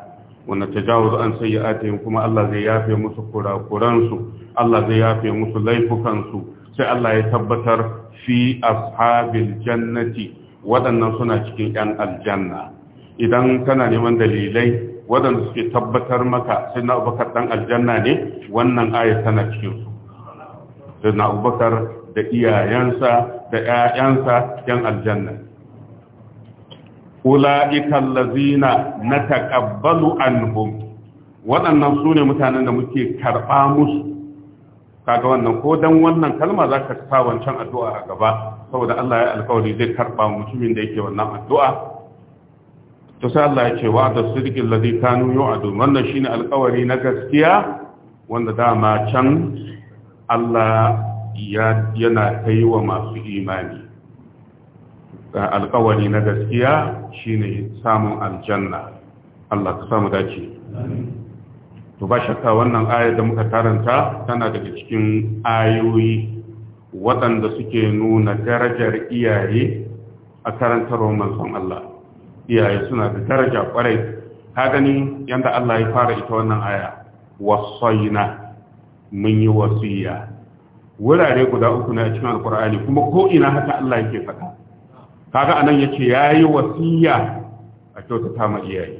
wanda tajawuz an sayyi'atihim kuma Allah zai yafe musu kurakuransu Allah zai yafe musu laifukansu sai Allah ya tabbatar fi ashabil jannati waɗannan suna cikin 'yan aljanna idan kana neman dalilai waɗanda suke tabbatar maka sai na abubakar ɗan aljanna ne wannan aya tana cikin su sai na abubakar da iyayensa da 'ya'yansa 'yan aljanna ula'ika allazina nataqabbalu anhum waɗannan su ne mutanen da muke karɓa musu kaga wannan ko dan wannan kalma za ka sa wancan addu'a a gaba saboda Allah ya alkawari zai karɓa mutumin da yake wannan addu'a Ta sai Allah ya ce wa da sirqi allazi kanu yu'adu wannan shine alkawari na gaskiya wanda dama can Allah yana kai wa masu imani alkawari na gaskiya shine samun aljanna Allah ka samu dace to ba shakka wannan ayar da muka taranta tana daga cikin ayoyi waɗanda suke nuna darajar iyaye a karantarwar manzon Allah iyaye suna da daraja kwarai ka gani yanda Allah ya fara ita wannan aya wasaina mun yi wasiya wurare guda uku na cikin alkur'ani kuma ko ina haka Allah yake faɗa kaga anan yace yayi wasiya a kyautata ma iyaye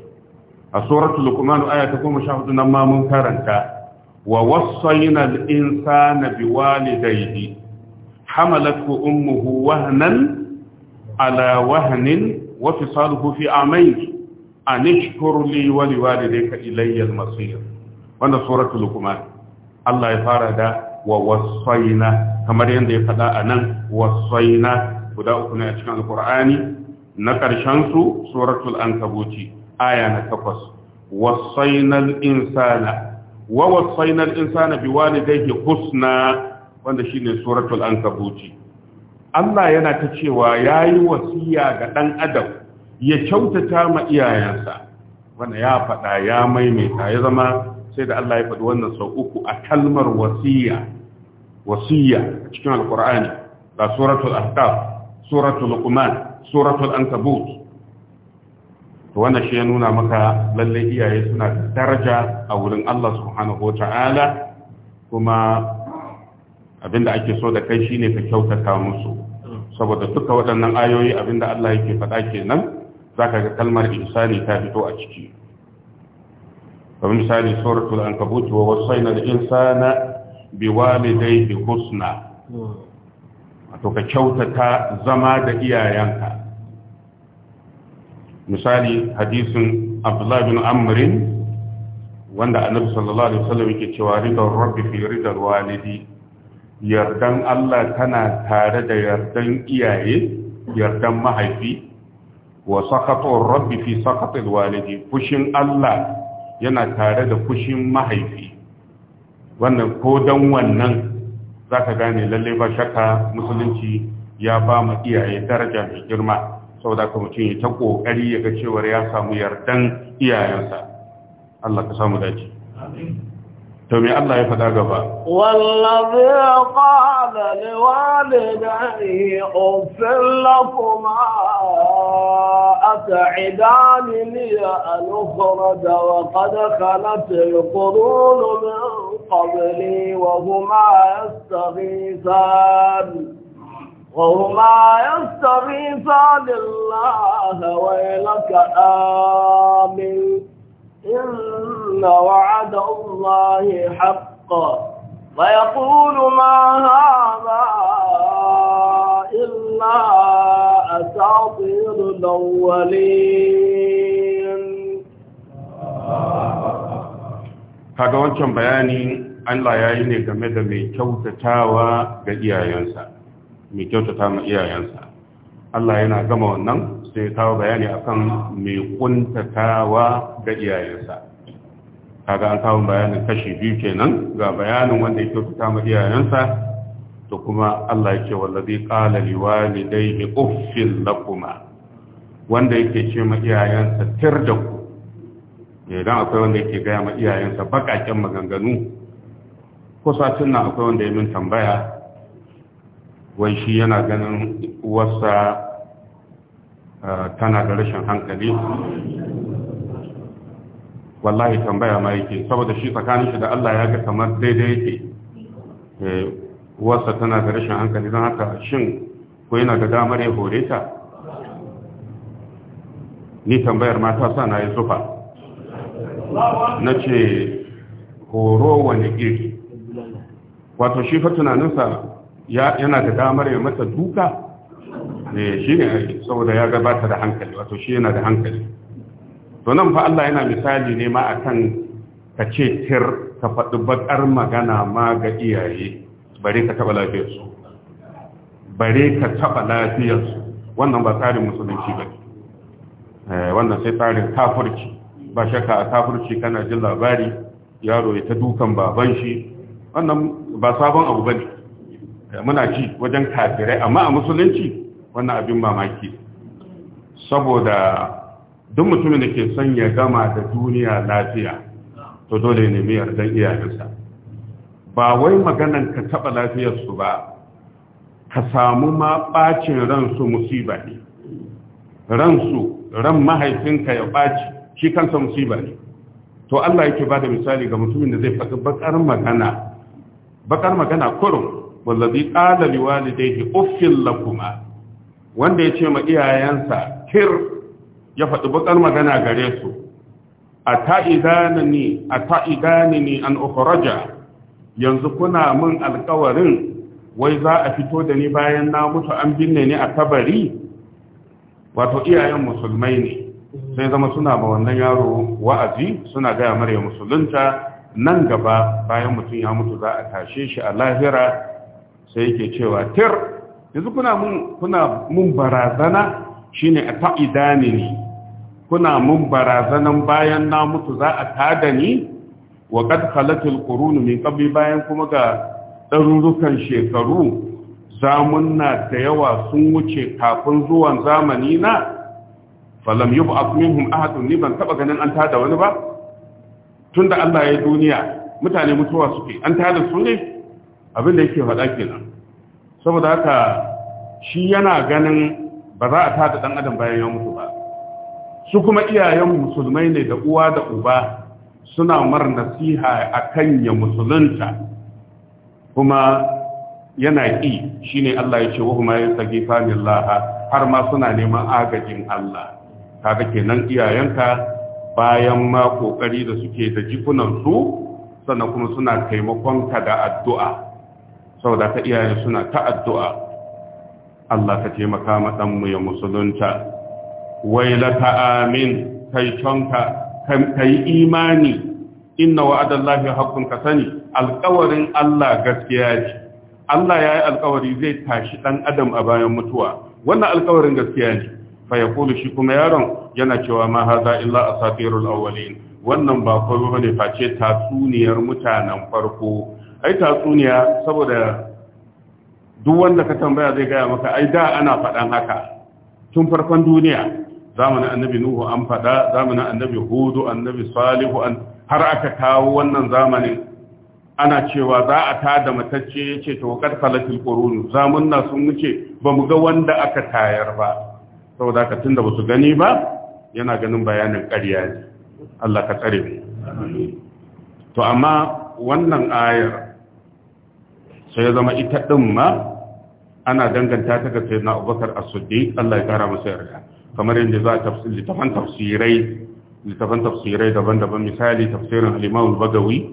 a suratul luqman aya ta 14 nan ma mun karanta wa wassayna al-insana biwalidayhi hamalathu ummuhu wahnan ala wahnin wa fisaluhu fi amayn an ishkur li wa liwalidayka ilayya al-masir wannan suratul luqman Allah ya fara da wa wassayna kamar yanda ya faɗa anan wassayna guda uku ne a cikin alkur'ani na ƙarshen su suratul ankabuti aya na takwas wasainal insana wa wasainal insana bi walidayhi husna wanda shine suratul ankabuti Allah yana ta cewa yayi wasiya ga ɗan adam ya kyautata ma iyayensa wanda ya faɗa ya maimaita ya zama sai da Allah ya faɗi wannan sau uku a kalmar wasiya wasiya cikin alkur'ani da suratul ahqaf suratul luqman suratul ankabut to wannan shi ya nuna maka lallai iyaye suna da daraja a wurin Allah subhanahu wata'ala kuma abinda ake so da kai shine ka kyautata musu saboda duka waɗannan ayoyi abinda Allah yake faɗa kenan zaka ga kalmar insani ta fito a ciki kamar misali suratul ankabut wa wasu al-insana bi husna hmm. to ka kyautata zama da iyayenka misali hadisin abdullahi bin amrin wanda annabi sallallahu alaihi wasallam yake cewa ridar rabbi fi ridar walidi yardan Allah tana tare da yardan iyaye yardan mahaifi wa sakatun rabbi fi sakatul walidi fushin Allah yana tare da fushin mahaifi wannan ko dan wannan za ka gane lalle ba shakka musulunci ya ba mu iyaye daraja mai girma saboda ka mutum ya ta kokari ya ga cewar ya samu yardan iyayensa Allah ka samu dace to me Allah ya faɗa gaba wallazi qala liwalidayhi uffil lakuma at'idani li an wa qad khalat al-qurun min قبلي وهما يستغيثان وهما يستغيثان الله ويلك آمن إن وعد الله حق ويقول ما هذا إلا أساطير الأولين kaga wancan bayani Allah ya yi ne game da mai kyautatawa ga iyayensa mai kyautata ma iyayensa Allah yana gama wannan sai ya kawo bayani akan mai kuntatawa ga iyayensa kaga an kawo bayanin kashi biyu kenan ga bayanin wanda ya kyautata ma iyayensa to kuma Allah yake wallazi qala walidayhi uffil lakuma wanda yake ce ma iyayensa tir ku idan akwai wanda yake gaya ma iyayensa bakaken maganganu ko satin nan akwai wanda ya min tambaya wai shi yana ganin uwarsa tana da rashin hankali wallahi tambaya ma yake saboda shi tsakanin shi da Allah ya ga kamar daidai yake eh, uwarsa tana da rashin hankali don haka shin ko yana da damar ya hore ta ni tambayar mata sa na yi sufa na ce horo wani iri wato shi fa tunaninsa yana da damar ya mata duka ne eh, shi ne saboda ya gabata da hankali wato shi yana da hankali to nan fa Allah yana misali ne ma akan ka ce tir ka faɗi baƙar magana ma ga iyaye bare ka taɓa lafiyarsu bare ka taɓa lafiyarsu wannan ba tsarin musulunci ba eh, wannan sai tsarin kafurci ba shaka a kafirci kana jin labari yaro ya ta dukan baban shi wannan ba sabon abu ba ne. muna ci wajen kafirai amma a musulunci wannan abin mamaki saboda duk mutumin da ke son ya gama da duniya lafiya to dole ne mai yardan iyayensa ba wai maganan ka taɓa lafiyarsu ba ka samu ma ɓacin ransu musiba ne ransu ran mahaifinka ya ɓaci shi kansa musiba ne to Allah yake ba da misali ga mutumin da zai faɗi bakar magana bakar magana kurum wallazi qala liwalidayhi uffil lakuma wanda ya ce ma iyayensa kir ya faɗi bakar magana gare su ata'idanani ata'idanani an ukhraja yanzu kuna min alƙawarin wai za a fito da ni bayan na mutu an binne ni a kabari wato iyayen musulmai ne sai zama suna ba wannan yaro wa'azi suna gaya mara ya musulunta nan gaba bayan mutum ya mutu za a tashe shi a lahira sai yake cewa tir yanzu kuna mun kuna mun barazana shine a ta'idani ni kuna mun barazanan bayan na mutu za a tada ni wa qad khalatil qurun min qabli bayan kuma ga ɗarurrukan shekaru zamunna da yawa sun wuce kafin zuwan zamani na falam yub'ath minhum ahadun ni ban taba ganin an tada wani ba tunda Allah ya duniya mutane mutuwa suke an tada su ne abin da yake faɗa kenan saboda haka shi yana ganin ba za a tada dan adam bayan ya mutu ba su kuma iyayen musulmai ne da uwa da uba suna mar nasiha akan ya musulunta kuma yana ƙi shine Allah ya ce wa huma Allah har ma suna neman agajin Allah kaga kenan iyayenka bayan ma kokari da suke da jikunan su sannan kuma suna taimakon ka da addu'a saboda ka iyayen suna ta addu'a Allah ka taimaka ma dan mu ya musulunta wailata amin kai tonka kai imani inna wa'adallahi haqqun ka sani alƙawarin Allah gaskiya ne Allah ya yi alƙawari zai tashi ɗan adam a bayan mutuwa wannan alƙawarin gaskiya ne fa yaqulu shi kuma yaron yana cewa ma hadha illa asatirul awwalin wannan ba komai bane face tatsuniyar mutanen farko ai tatsuniya saboda duk wanda ka tambaya zai gaya maka ai da ana faɗan haka tun farkon duniya zamanin annabi nuhu an faɗa zamanin annabi hudu annabi salihu an har aka kawo wannan zamanin ana cewa za a tada matacce ya ce ta wakar falatil ƙorunu zamunna sun wuce ba mu ga wanda aka tayar ba saboda ka tunda ba su gani ba yana ganin bayanin ƙarya ne Allah ka tsare mu to amma wannan ayar sai ya zama ita din ma ana danganta ta ga sayyidina Abubakar As-Siddiq Allah ya kara masa yarda kamar yadda za a tafsiri fan tafsirai littafan tafsirai daban-daban misali tafsirin al-Imam al-Bagawi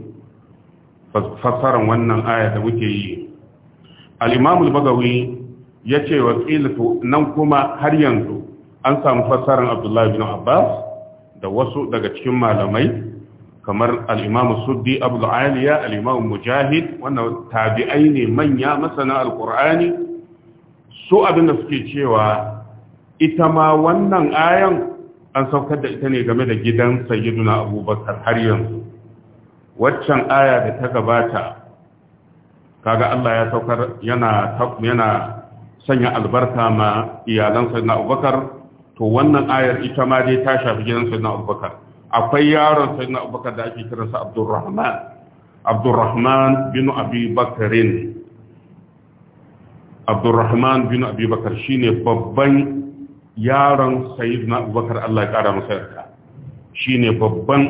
fassaran wannan aya da muke yi al-Imam al-Bagawi ya ce wa nan kuma har yanzu an samu fassarar abdullahi bin abbas da wasu daga cikin malamai kamar al'imamu suddi abul'aliya al'imamu mujahid wannan tabi'ai ne manya masana al'ur'ani su abin da suke cewa ita ma wannan ayan an saukar da ita ne game da gidan sayyiduna abubakar har yanzu waccan aya da ta gabata kaga Allah ya saukar yana yana sanya albarka ma iyalan sayyidina abubakar to wannan ayar ita ma dai ta shafi gidan sayyidina abubakar akwai yaron sayyidina abubakar da ake kiransa abdurrahman abdurrahman bin abi bakarin abdurrahman bin abi bakar shine babban yaron sayyidina abubakar Allah ya kara masa yarda shine babban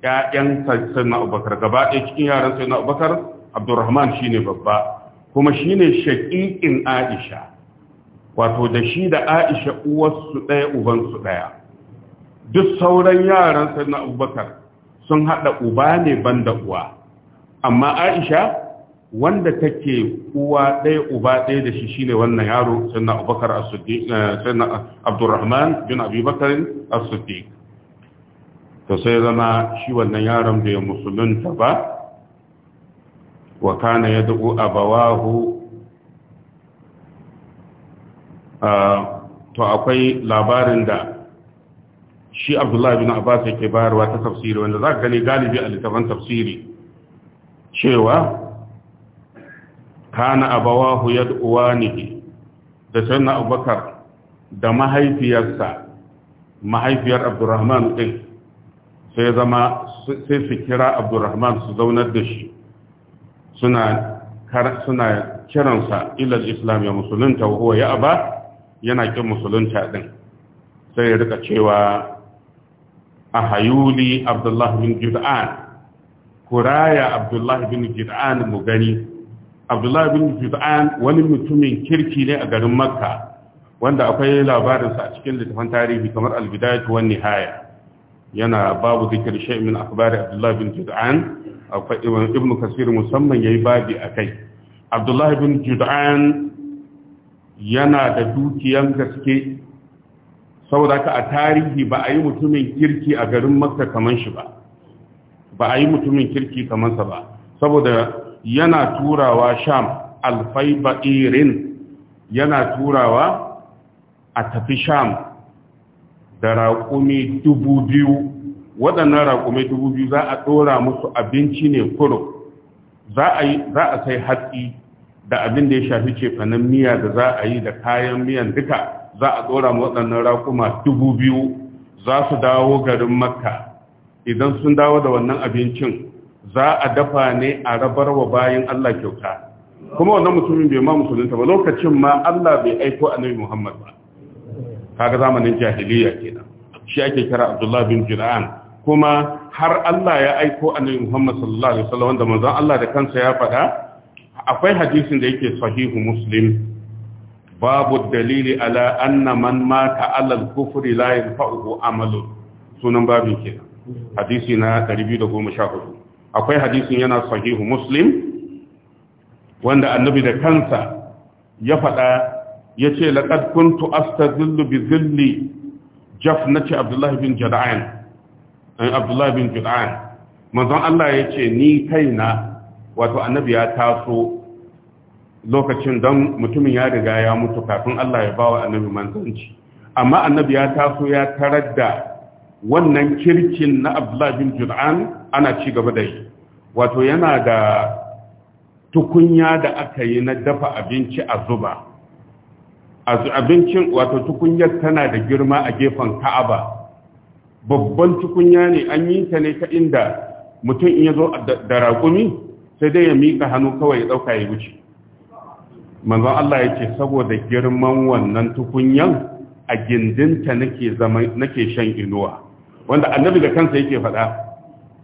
ƴaƴan sayyidina abubakar gaba ɗaya cikin yaran sayyidina abubakar abdurrahman shine babba kuma shi ne shaƙiƙin Aisha wato da shi da Aisha uwarsu ɗaya ubansu ɗaya duk sauran yaran na Abubakar sun hada uba ne ban da uwa amma Aisha wanda take uwa ɗaya uba ɗaya da shi shine wannan yaro sayyidina Abubakar as eh, Abdurrahman bin abubakar asuddi as to sai zama shi wannan yaron bai musulunta ba wa kana yad'u abawahu to akwai labarin da shi abdullahi bin abbas yake bayarwa ta tafsiri wanda za ka gani galibi a littafin tafsiri cewa kana abawahu yad'uwanihi da sayyidina abubakar da mahaifiyarsa mahaifiyar abdurrahman ɗin, sai zama sai su kira abdurrahman su zaunar da shi suna kiransa ilal islam ya musulunta wa huwa ya aba yana kin musulunta din sai ya rika cewa a hayuli abdullahi bin jud'an kuraya abdullahi bin jud'an mu gani abdullahi bin jud'an wani mutumin kirki ne a garin makka wanda akwai labarinsa a cikin littafin tarihi kamar albidayatu wan nihaya yana babu zikir shay min akhbari abdullahi bin jud'an akwai ibn kasir musamman yayi babi kai. abdullahi bin jud'an yana da dukiyan gaske saboda ka a tarihi ba a yi mutumin kirki a garin makka kaman shi ba ba a yi mutumin kirki kaman sa ba saboda yana turawa sham alfaiba irin yana turawa a tafi sham da raƙumi dubu biyu waɗannan raƙumai dubu biyu za a ɗora musu abinci ne kuro za a sai hatsi da abin da ya shafi cefanen miya da za a yi da kayan miyan duka za a ɗora waɗannan raƙuma dubu biyu za su dawo garin makka idan sun dawo da wannan abincin za a dafa ne a rabar wa bayan Allah kyauta kuma wannan mutumin bai ma musulunta ba lokacin ma Allah bai aiko annabi Muhammad ba kaga zamanin jahiliya kenan shi ake kira Abdullah bin Jur'an kuma har Allah ya aiko annabi Muhammad sallallahu alaihi wasallam wanda manzon Allah da kansa ya faɗa akwai hadisin da yake sahihu Muslim babu dalili ala anna man mata ala al-kufri la yanfa'uhu amalu sunan babin kenan hadisi na 214 akwai hadisin yana sahihu Muslim wanda annabi da kansa ya faɗa ya ce laqad kuntu astazillu bi dhilli jafnati Abdullahi bin Jada'an Eh, abdullahi bin manzon Allah ya ce ni kaina wato annabi ya taso lokacin don mutumin ya riga ya mutu kafin Allah ya bawa annabi manzanci amma annabi ya taso ya tarar da wannan kirkin na abdullahi bin jud'an ana ci gaba da yi wato yana da tukunya da aka yi na dafa abinci a zuba abincin wato tukunyar tana da girma a gefen ka'aba babban tukunya ne an yi ta ne ta inda mutum in ya da raƙumi sai dai ya mika hannu kawai ya ɗauka ya wuce manzon Allah ya ce saboda girman wannan tukunyan a gindinta nake zama nake shan inuwa wanda annabi da kansa yake faɗa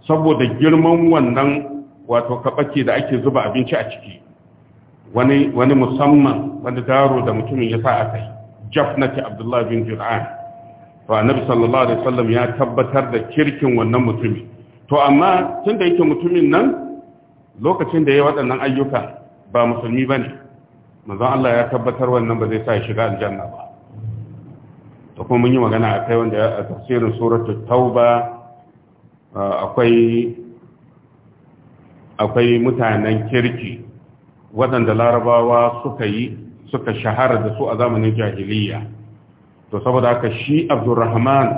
saboda girman wannan wato kaɓake da ake zuba abinci a ciki wani musamman wani daro da mutumin ya sa aka yi jaf ce abdullahi bin jur'an to annabi sallallahu alaihi wasallam ya tabbatar da kirkin wannan mutumi to amma tunda yake mutumin nan lokacin da ya waɗannan ayyuka ba musulmi bane manzon Allah ya tabbatar wannan ba zai sa ya shiga aljanna ba to kuma mun yi magana akai wanda a tafsirin suratul tauba akwai akwai mutanen kirki waɗanda larabawa suka yi suka shahara da su a zamanin jahiliya to saboda haka shi abdurrahman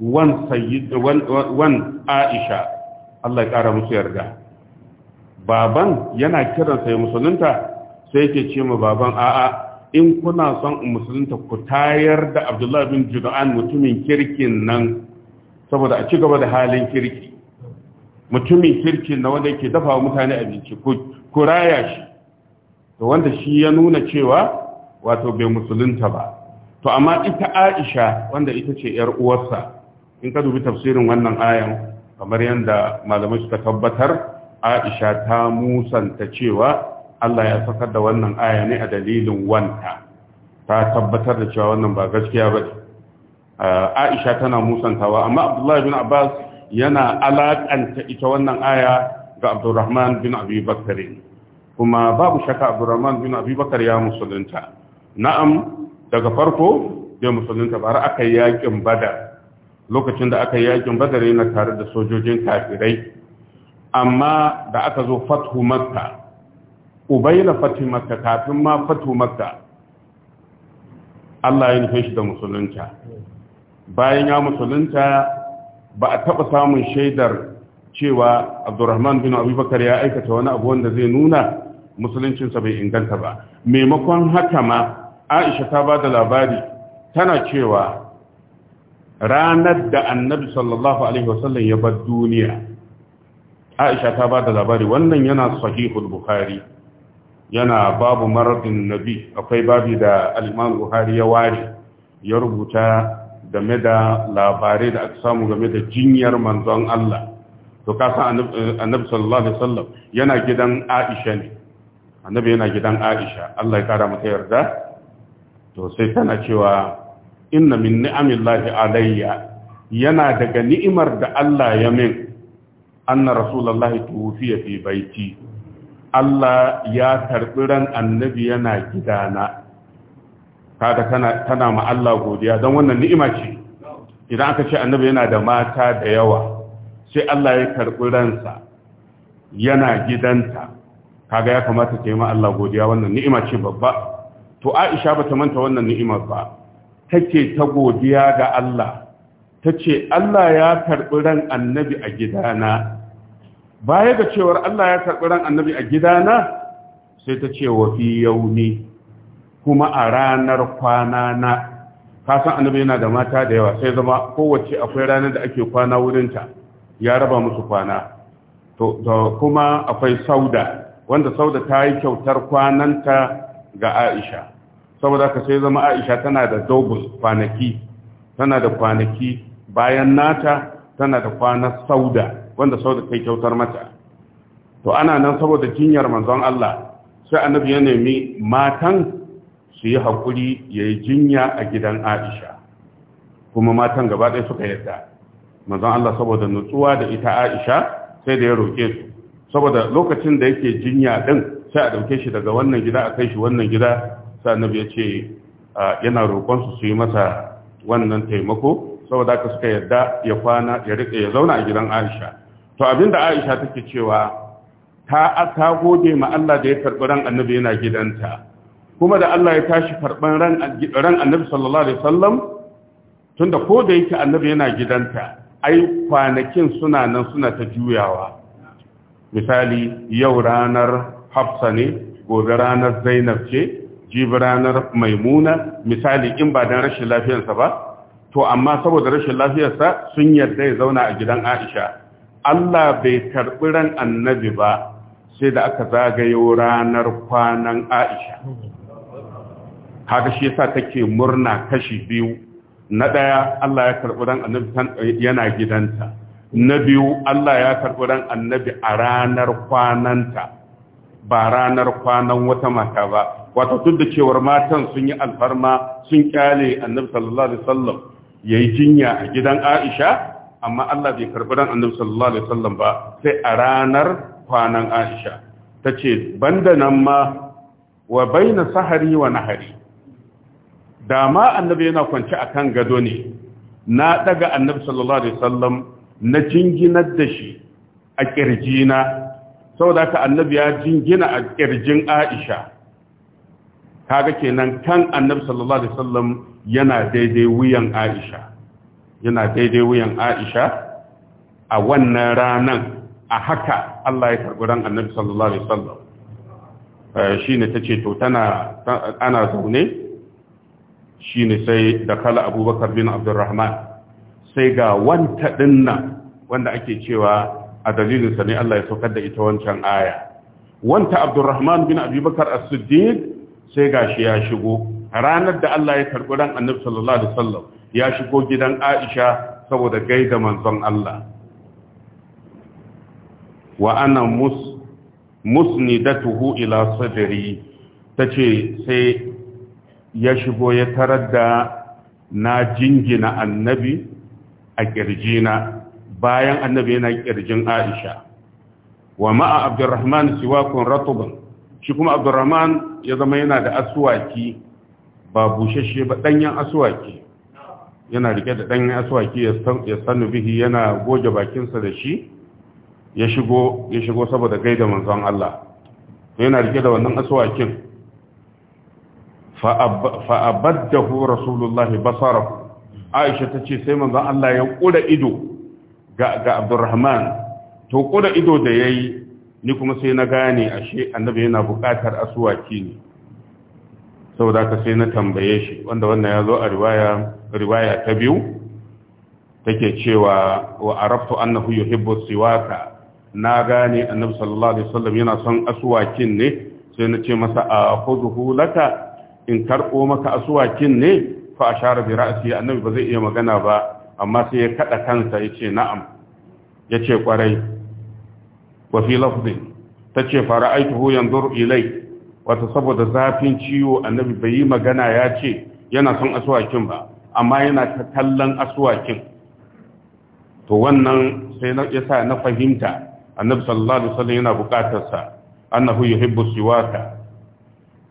wan sayyid wan aisha Allah ya kara musu yarda baban yana kiran sai musulunta sai yake ce mu baban a'a in kuna son musulunta ku tayar da abdullahi bin judan mutumin kirkin nan saboda a ci gaba da halin kirki mutumin kirki na wanda yake dafa wa mutane abinci ku raya shi to wanda shi ya nuna cewa wato bai musulunta ba to amma ita aisha wanda ita ce yar uwarsa in ka dubi tafsirin wannan ayan kamar yadda malamai suka tabbatar aisha ta musanta cewa Allah ya sakar da wannan aya ne a dalilin wanta ta tabbatar da cewa wannan ba gaskiya ba ne aisha tana musantawa amma abdullahi bin abbas yana alakanta ita wannan aya ga abdurrahman bin abi kuma babu shaka abdurrahman bin abi ya musulunta na'am daga farko bai musulunta ba har aka yi yakin badar lokacin da aka yi yakin badar yana tare da sojojin kafirai amma da aka zo fathu makka ubaina fathu makka kafin ma fathu makka Allah ya nufe shi da musulunta bayan ya musulunta ba a taɓa samun shaidar cewa abdurrahman bin abubakar ya aikata wani abu wanda zai nuna musuluncinsa bai inganta ba maimakon haka ma aisha ta ba da labari tana cewa ranar da annabi sallallahu alaihi wasallam ya bar duniya aisha ta ba da labari wannan yana sahihul bukhari yana babu maradin nabi akwai babi da al-imam bukhari ya ware ya rubuta game da labarai da aka samu game da jinyar manzon Allah to kasan annabi sallallahu alaihi wasallam yana gidan Aisha ne annabi yana gidan Aisha Allah ya kara mata yarda to sai tana cewa inna min ni'amillahi alayya yana daga ni'imar da Allah ya min anna rasulullahi tuwfiya fi baiti Allah ya karbi ran annabi yana gidana kada kana tana ma Allah godiya don wannan ni'ima ce idan aka ce annabi yana da mata da yawa sai Allah ya karbi ransa yana gidanta kaga ya kamata ka yi ma Allah godiya wannan ni'ima ce babba to Aisha bata manta wannan ni'imar ba take ta godiya ga Allah tace Allah ya karbi ran annabi a gidana baya ga cewar Allah ya karbi ran annabi a gidana sai ta ce wa fi yauni kuma a ranar kwana na kasan annabi yana da mata da yawa sai zama kowace akwai ranar da ake kwana wurinta ya raba musu kwana to kuma akwai sauda wanda sauda ta yi kyautar kwananta ga Aisha saboda ka sai zama Aisha tana da dogon kwanaki tana da kwanaki bayan nata tana da kwana sauda wanda sauda kai kyautar mata to ana nan saboda jinyar manzon Allah sai annabi ya nemi matan su yi hakuri ya yi jinya a gidan Aisha kuma matan gaba ɗaya suka yarda manzon Allah saboda nutsuwa da ita Aisha sai da ya roke su saboda lokacin da yake jinya din sai a dauke shi daga wannan gida a kai shi wannan gida sai annabi ya ce yana roƙon su su yi masa wannan taimako saboda haka suka yarda ya kwana ya rike ya zauna a gidan Aisha to abinda Aisha take cewa ta ta gode ma Allah da ya karɓi ran annabi yana gidanta kuma da Allah ya tashi karɓan ran ran annabi sallallahu alaihi wasallam tunda ko da yake annabi yana gidanta ai kwanakin suna nan suna ta juyawa misali yau ranar hafsa ne gobe ranar zainab ce jibi ranar maimuna misali in ba don rashin lafiyarsa ba to amma saboda rashin lafiyarsa sun yarda ya zauna a gidan aisha Allah bai karɓi ran annabi ba sai da aka zagayo ranar kwanan aisha haka shi yasa take murna kashi biyu na ɗaya Allah ya karɓi ran annabi yana gidanta na biyu Allah ya karɓi ran annabi a ranar kwananta ba ranar kwanan wata mata ba wato duk da cewar matan sun yi alfarma sun kyale annabi sallallahu alaihi wasallam yayi jinya a gidan Aisha amma Allah bai karbi ran annabi sallallahu alaihi wasallam ba sai a ranar kwanan Aisha tace banda nan ma wa baina sahari wa nahari dama annabi yana kwance akan gado ne na daga annabi sallallahu alaihi wasallam na jinginar da shi a kirjina saboda ka annabi ya jingina a kirjin Aisha kaga kenan kan annabi sallallahu alaihi wasallam yana daidai wuyan Aisha yana daidai wuyan Aisha a wannan ranan a haka Allah ya karbi ran annabi sallallahu alaihi wasallam eh, shine tace to tana ana zaune shine sai da kala Abubakar bin Abdurrahman sai ga wanta dinnan wanda ake cewa a dalilin sa ne Allah ya saukar da ita wancan aya wanta Abdurrahman bin Abi Bakar As-Siddiq sai gashi ya shigo ranar da Allah ya karɓi ran Annabi sallallahu alaihi wasallam ya shigo gidan Aisha saboda gaida manzon Allah wa ana mus musnidatuhu ila sadri tace sai ya shigo ya tarar da na jingina annabi a ƙirjina bayan annabi yana kirjin aisha wa ma'a abdurrahman siwakun ratuban shi kuma abdurrahman ya zama yana da asuwaki ba bushashe ba danyen asuwaki? yana rike da danyen asuwaki ya sanu bihi yana goge bakinsa da shi ya shigo saboda gaida manzon Allah yana rike da wannan asuwakin? fa abaddahu rasulullahi basarahu aisha ta ce sai manzon Allah ya kula ido ga abdurrahman to da ido da yayi yi ni kuma sai na gane ashe annabi yana buƙatar asuwaki ne saboda ka sai na tambaye shi wanda wannan yazo zo a riwaya ta biyu take cewa wa araftu annahu yuhibbu siwaka na gane annabi sallallahu alaihi wasallam yana son asuwakin ne sai na ce masa a khudhu laka in karbo maka asuwakin ne fa ashara bi ra'si annabi ba zai iya magana ba amma sai ya kada kansa ya ce na'am ya ce kwarai wa fi lafzin ta ce fara aituhu yanzu ilai wata saboda zafin ciwo annabi bai yi magana ya ce yana son asuwakin ba amma yana ta kallon asuwakin to wannan sai ya sa na fahimta annabi sallallahu alaihi wasallam yana bukatarsa annahu yuhibbu siwaka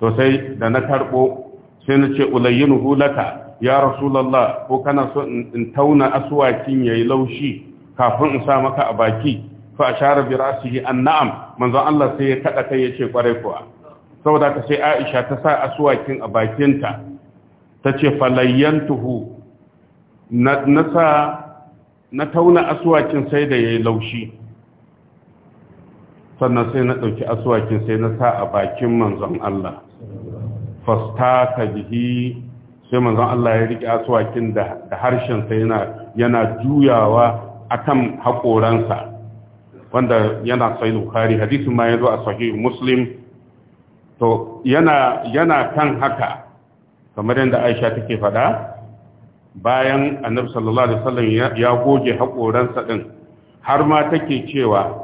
to sai da na karbo sai na ce ulayyinu hulata. ya rasulallah ko kana so in tauna aswakin yayi laushi kafin in sa maka a baki fa ashara bi ra'sihi an na'am manzon Allah sai ya kada kai yace kwarai kuwa saboda ka sai Aisha ta sa aswakin a bakinta tace falayyantuhu na nasa na tauna aswakin sai da yayi laushi sannan sai na dauki aswakin sai na sa a bakin manzon Allah fastaka bihi sai manzon Allah ya rike aswakin da harshensa yana yana juyawa akan haƙoransa wanda yana sai Bukhari hadisin ma yazo a sahih Muslim to yana yana kan haka kamar yadda Aisha take faɗa bayan Annabi sallallahu alaihi wasallam ya goge haƙoransa din har ma take cewa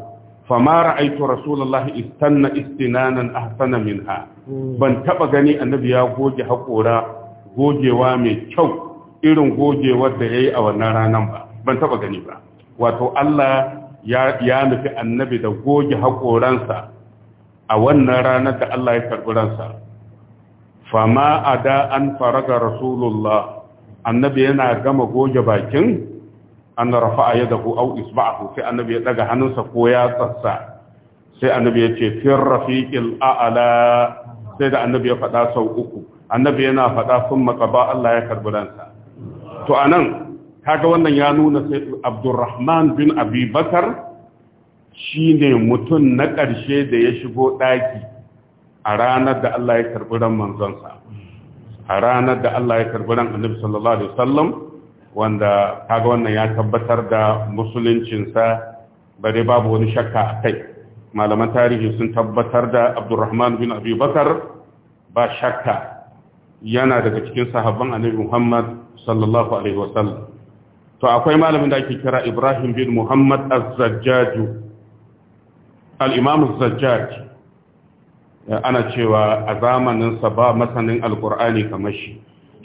fama ra'aitu rasulullahi istanna istinanan ahsana minha hmm. ban taba gani annabi ya goge haƙora gogewa mai kyau irin gogewar da ya yi a wannan ranar ba ban taba gani ba wato Allah ya nufi annabi da goge haƙoransa a wannan ranar da Allah ya karɓi ransa fama a da an faraga rasulullah annabi yana gama goge bakin an rafa a yadda ku au isba'ahu sai annabi ya daga hannunsa ko ya tsatsa sai annabi ya ce fir rafiqil a'ala sai da annabi ya faɗa sau uku annabi yana faɗa sun makaba Allah ya karbi ransa to a anan kaga wannan ya nuna sai Abdurrahman bin Abi Bakar ne mutum na ƙarshe da ya shigo ɗaki a ranar da Allah ya karbi ran manzonsa a ranar da Allah ya karbi ran annabi sallallahu alaihi wasallam wanda kaga wannan ya tabbatar da musuluncinsa bare babu wani shakka a kai malaman tarihi sun tabbatar da Abdurrahman bin Abi ba shakka yana daga cikin sahabban annabi Muhammad sallallahu alaihi wasallam to akwai malamin da ake kira Ibrahim bin Muhammad az-Zajjaj al-Imam az-Zajjaj eh, ana cewa a zamanin sa ba masanin alqur'ani kamar shi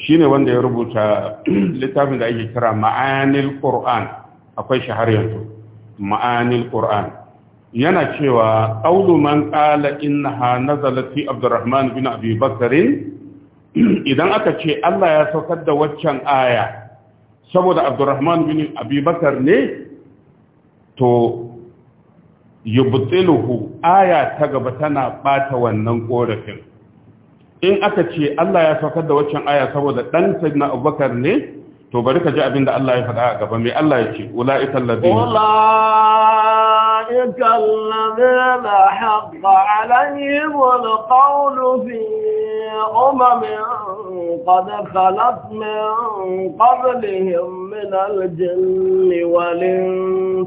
shine wanda ya rubuta littafin da ake kira Ma'anil Qur'an akwai shi har yanzu Ma'anil Qur'an yana cewa qaulu man qala innaha nazalat fi Abdurrahman bin Abi Bakr idan aka ce Allah ya saukar da waccan aya saboda Abdurrahman bin Abi Bakar ne to yubtiluhu aya ta gaba tana bata wannan korafin in aka ce Allah ya saukar da waccan aya saboda dan sayyidina Abubakar ne to bari ka ji abinda Allah ya faɗa a gaba mai Allah ya ce ulaiikal ladina أولئك الذين حق عليهم القول في أمم قد خلت من قبلهم من الجن والإنس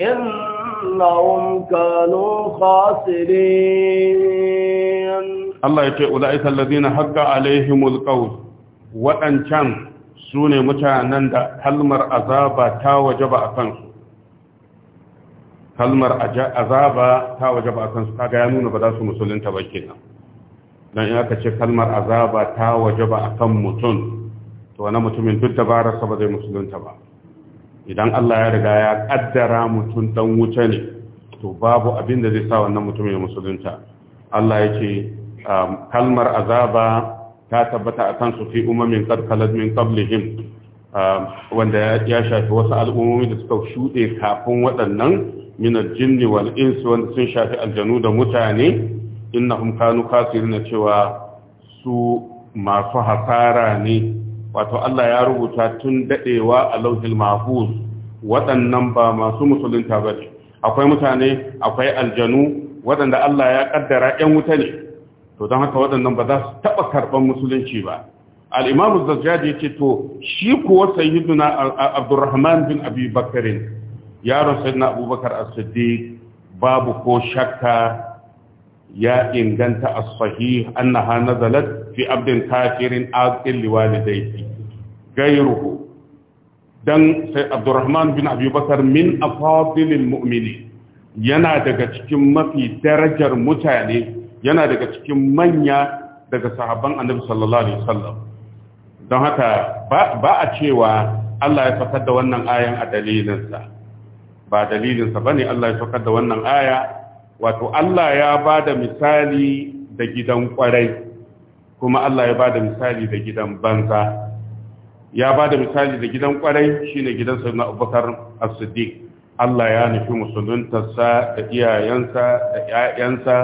إنهم كانوا خاسرين الله يقول أولئك الذين حق عليهم القول وأن كان سوني متعنند كلمة أذابة تاوجب أكنسو kalmar azaba ta waje ba kansu kaga ya nuna ba za su musulunta ba kenan dan in aka ce kalmar azaba ta waje ba akan mutum to wani mutumin duk dabararsa ba zai musulunta ba idan Allah ya riga ya kaddara mutum dan wuce ne to babu abin da zai sa wannan mutumin ya musulunta Allah yake um, kalmar azaba ta tabbata akan su fi umamin qad khalat min qablihim um, wanda ya shafi wasu al'ummomi da suka shuɗe kafin waɗannan min al-jinn wal ins sun shafi aljanu da mutane innahum kanu khasirin cewa su masu hasara ne wato Allah ya rubuta tun dadewa a lauhil mahfuz waɗannan ba masu musulunta ba ne akwai mutane akwai aljanu waɗanda Allah ya kaddara ƴan wuta ne to don haka waɗannan ba za su taɓa karɓar musulunci ba al'imamu zazzaji ce to shi kuwa sayyiduna abdurrahman bin abi bakarin yaron sayyidina abubakar as-siddiq babu ko shakka ya inganta as-sahih annaha nazalat fi abdin kafirin aqil liwalidayhi gairuhu dan sai abdurrahman bin abubakar min afadilil mu'mini yana daga cikin mafi darajar mutane yana daga cikin manya daga sahabban annabi sallallahu alaihi wasallam don haka ba a cewa Allah ya fakar da wannan ayan a dalilinsa ba dalilinsa ba ne Allah ya saukar da wannan aya wato Allah ya ba da misali da gidan kwarai kuma Allah ya ba da misali da gidan banza ya ba da misali da gidan kwarai shine gidan sayyidina Abubakar As-Siddiq Allah ya nufi musuluntarsa da iyayensa da ƴaƴansa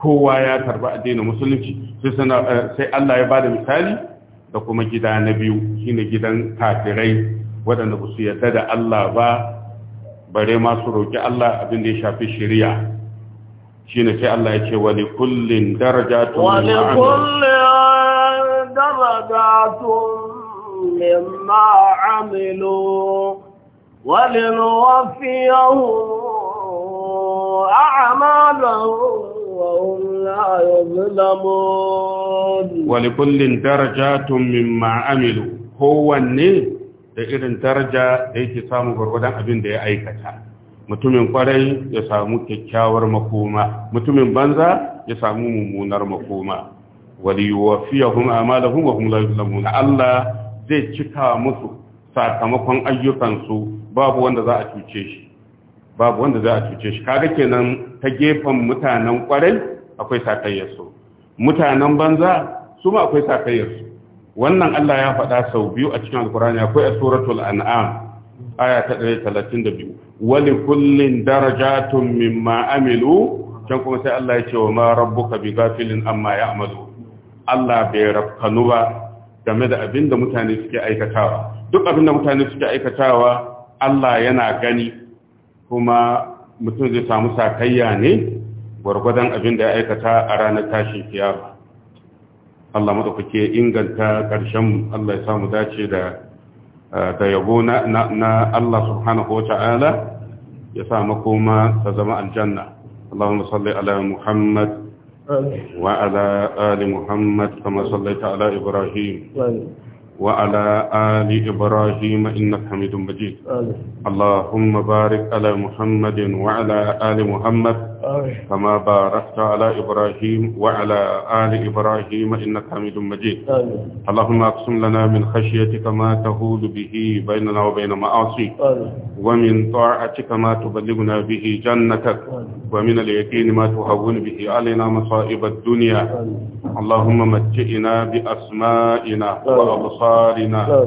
kowa ya tarba addinin musulunci sai Allah ya ba da misali da kuma gida na biyu shine gidan kafirai waɗanda ba su yarda da Allah ba bare ma su roƙi Allah abin da ya shafi shari'a shine sai Allah ya ce wa li kullin darajatun wa li kullin darajatun mimma amilu wa linuwaffiyahum a'malahum وهم لا يظلمون ولكل درجات مما عملوا هو النيل da irin daraja da yake samu gwargwadon abin da ya aikata mutumin kwarai ya samu kyakkyawar makoma mutumin banza ya samu mummunar makoma wali yuwaffiyahum amalahum wa hum la yuzlamun Allah zai cika musu sakamakon ayyukansu babu wanda za a cuce shi babu wanda za a cuce shi kaga kenan ta gefen mutanen kwarai akwai sakayyarsu mutanen banza su ma akwai sakayyarsu wannan Allah ya faɗa sau biyu a cikin alkurani akwai a suratul an'am aya ta 132 wali kullin darajatun mimma amilu can kuma sai Allah ya ce wa ma rabbuka bi gafilin amma ya amalu Allah bai rafkanu ba game da abin da mutane suke aikatawa duk abin da mutane suke aikatawa Allah yana gani kuma mutum zai samu sakayya ne gwargwadon abin da ya aikata a ranar tashin kiyama Allah madaukake inganta ƙarshen Allah ya samu dace da eh, da yabo na na Allah subhanahu wata'ala ya sa kuma ta zama aljanna Allahumma salli ala Muhammad wa ala ali Muhammad kama sallaita ala Ibrahim ala Ali Ibrahim, inna حميد majid. Allahumma barik ala على wa ala Ali Muhammad. كما باركت على إبراهيم وعلى آل إبراهيم إنك حميد مجيد اللهم أقسم لنا من خشيتك ما تهول به بيننا وبين معاصيك ومن طاعتك ما تبلغنا به جنتك ومن اليقين ما تهون به علينا مصائب الدنيا اللهم متئنا بأسمائنا وأبصارنا